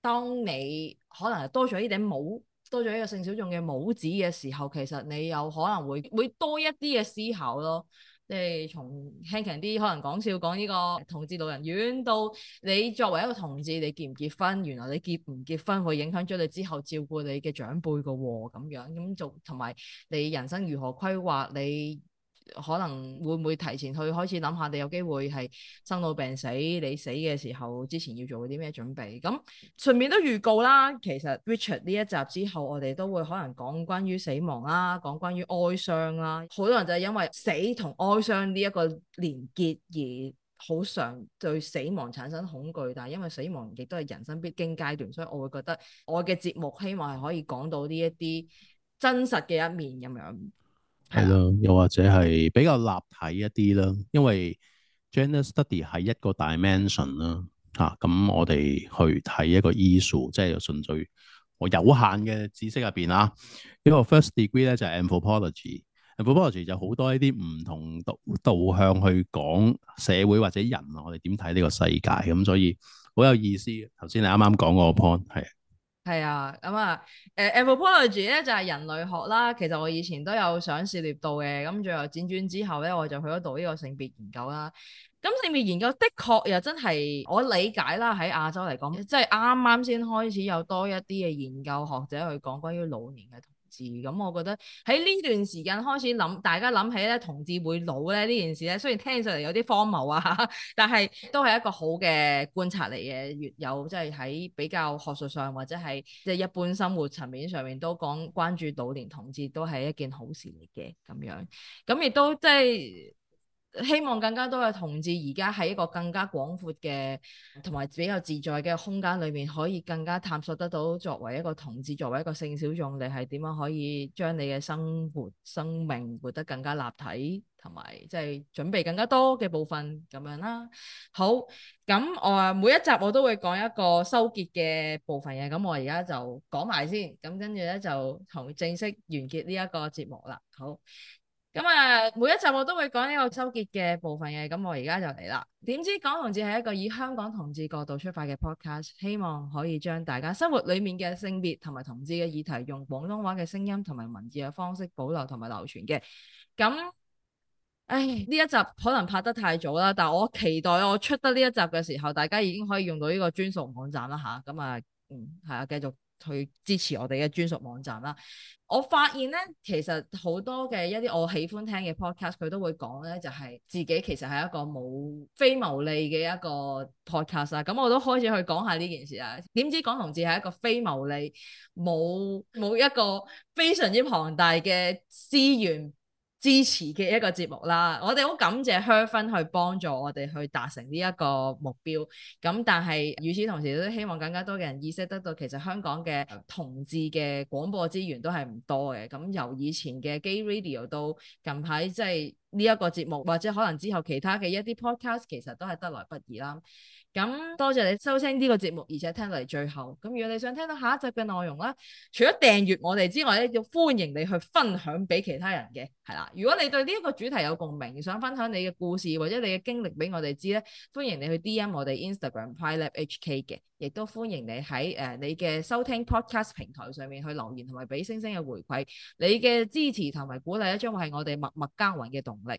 當你可能係多咗呢頂帽。多咗一個性小眾嘅帽子嘅時候，其實你有可能會會多一啲嘅思考咯，即係從輕輕啲可能講笑講呢個同志老人院，到你作為一個同志，你結唔結婚，原來你結唔結婚會影響咗你之後照顧你嘅長輩㗎喎咁樣，咁仲同埋你人生如何規劃你？可能會唔會提前去開始諗下，你有機會係生老病死，你死嘅時候之前要做啲咩準備？咁順便都預告啦，其實 Richard 呢一集之後，我哋都會可能講關於死亡啦，講關於哀傷啦。好多人就係因為死同哀傷呢一個連結而好常對死亡產生恐懼，但係因為死亡亦都係人生必經階段，所以我會覺得我嘅節目希望係可以講到呢一啲真實嘅一面咁樣。係咯，又或者係比較立體一啲啦，因為 gender study 係一個 dimension 啦，啊，嚇咁我哋去睇一個 issue，即係純粹我有限嘅知識入邊啊，呢、呢個 first degree 咧就係、是、anthropology，anthropology Anth 就好多一啲唔同導導向去講社會或者人啊，我哋點睇呢個世界咁，所以好有意思嘅。頭先你啱啱講嗰個 point 係。係啊，咁、嗯、啊，誒，anthropology 咧就係、是、人類學啦，其實我以前都有想涉獵到嘅，咁最後輾轉之後咧，我就去咗做呢個性別研究啦。咁性別研究的確又真係我理解啦，喺亞洲嚟講，即係啱啱先開始有多一啲嘅研究學者去講關於老年嘅。咁、嗯，我覺得喺呢段時間開始諗，大家諗起咧，同志會老咧呢件事咧，雖然聽上嚟有啲荒謬啊，但係都係一個好嘅觀察嚟嘅。越有即係喺比較學術上或者係即係一般生活層面上面都講關注老年同志，都係一件好事嚟嘅咁樣。咁亦都即係。就是希望更加多嘅同志而家喺一個更加廣闊嘅同埋比較自在嘅空間裏面，可以更加探索得到作為一個同志，作為一個性小眾，你係點樣可以將你嘅生活、生命活得更加立體，同埋即係準備更加多嘅部分咁樣啦。好，咁我啊每一集我都會講一個收結嘅部分嘅，咁我而家就講埋先，咁跟住咧就同正式完結呢一個節目啦。好。咁啊，每一集我都會講呢個周結嘅部分嘅，咁我而家就嚟啦。點知港同志係一個以香港同志角度出發嘅 podcast，希望可以將大家生活裡面嘅性別同埋同志嘅議題，用廣東話嘅聲音同埋文字嘅方式保留同埋流傳嘅。咁，唉，呢一集可能拍得太早啦，但我期待我出得呢一集嘅時候，大家已經可以用到呢個專屬網站啦吓，咁啊，嗯，係啊，繼續。去支持我哋嘅專屬網站啦，我發現咧，其實好多嘅一啲我喜歡聽嘅 podcast，佢都會講咧，就係自己其實係一個冇非牟利嘅一個 podcast 啦。咁我都開始去講下呢件事啦。點知講同志係一個非牟利，冇冇一個非常之龐大嘅資源，支持嘅一個節目啦，我哋好感謝 HER Fund 去幫助我哋去達成呢一個目標。咁但係，與此同時都希望更加多嘅人意識得到，其實香港嘅同志嘅廣播資源都係唔多嘅。咁由以前嘅 gay radio 到近排即係呢一個節目，或者可能之後其他嘅一啲 podcast，其實都係得來不易啦。咁多謝你收聽呢個節目，而且聽落嚟最後。咁如果你想聽到下一集嘅內容咧，除咗訂閱我哋之外咧，要歡迎你去分享俾其他人嘅，係啦。如果你對呢一個主題有共鳴，想分享你嘅故事或者你嘅經歷俾我哋知咧，歡迎你去 DM 我哋 Instagram PrideLab HK 嘅，亦都歡迎你喺誒、呃、你嘅收聽 Podcast 平台上面去留言同埋俾星星嘅回饋。你嘅支持同埋鼓勵咧，將會係我哋默默耕耘嘅動力。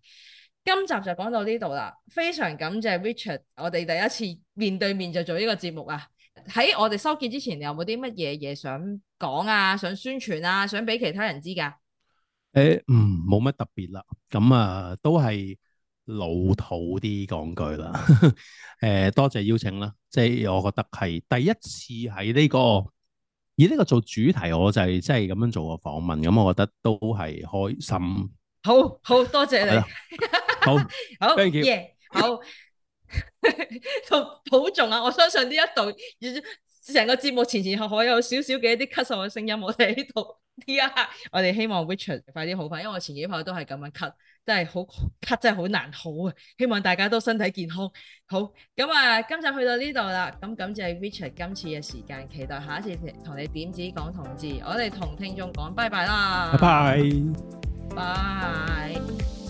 今集就講到呢度啦，非常感謝 Richard，我哋第一次面對面就做呢個節目啊。喺我哋收結之前，你有冇啲乜嘢嘢想講啊？想宣傳啊？想俾其他人知噶？誒、欸，嗯，冇乜特別啦。咁啊，都係老土啲講句啦。誒、 呃，多謝邀請啦。即係我覺得係第一次喺呢、這個，以呢個做主題，我就係即係咁樣做個訪問。咁我覺得都係開心。好好，多謝你。 好好，好，Thank you. yeah, 好，好 保重啊！我相信呢一度，成個節目前前後後有少少嘅一啲咳嗽嘅聲音，我哋喺度，呢一刻，我哋希望 Richard 快啲好返，因為我前幾排都係咁樣咳，咳真係好咳，真係好難好啊！希望大家都身體健康。好，咁啊，今集去到呢度啦，咁感謝 Richard 今次嘅時間，期待下一次同你點止講同志，我哋同聽眾講，拜拜啦，拜拜，拜。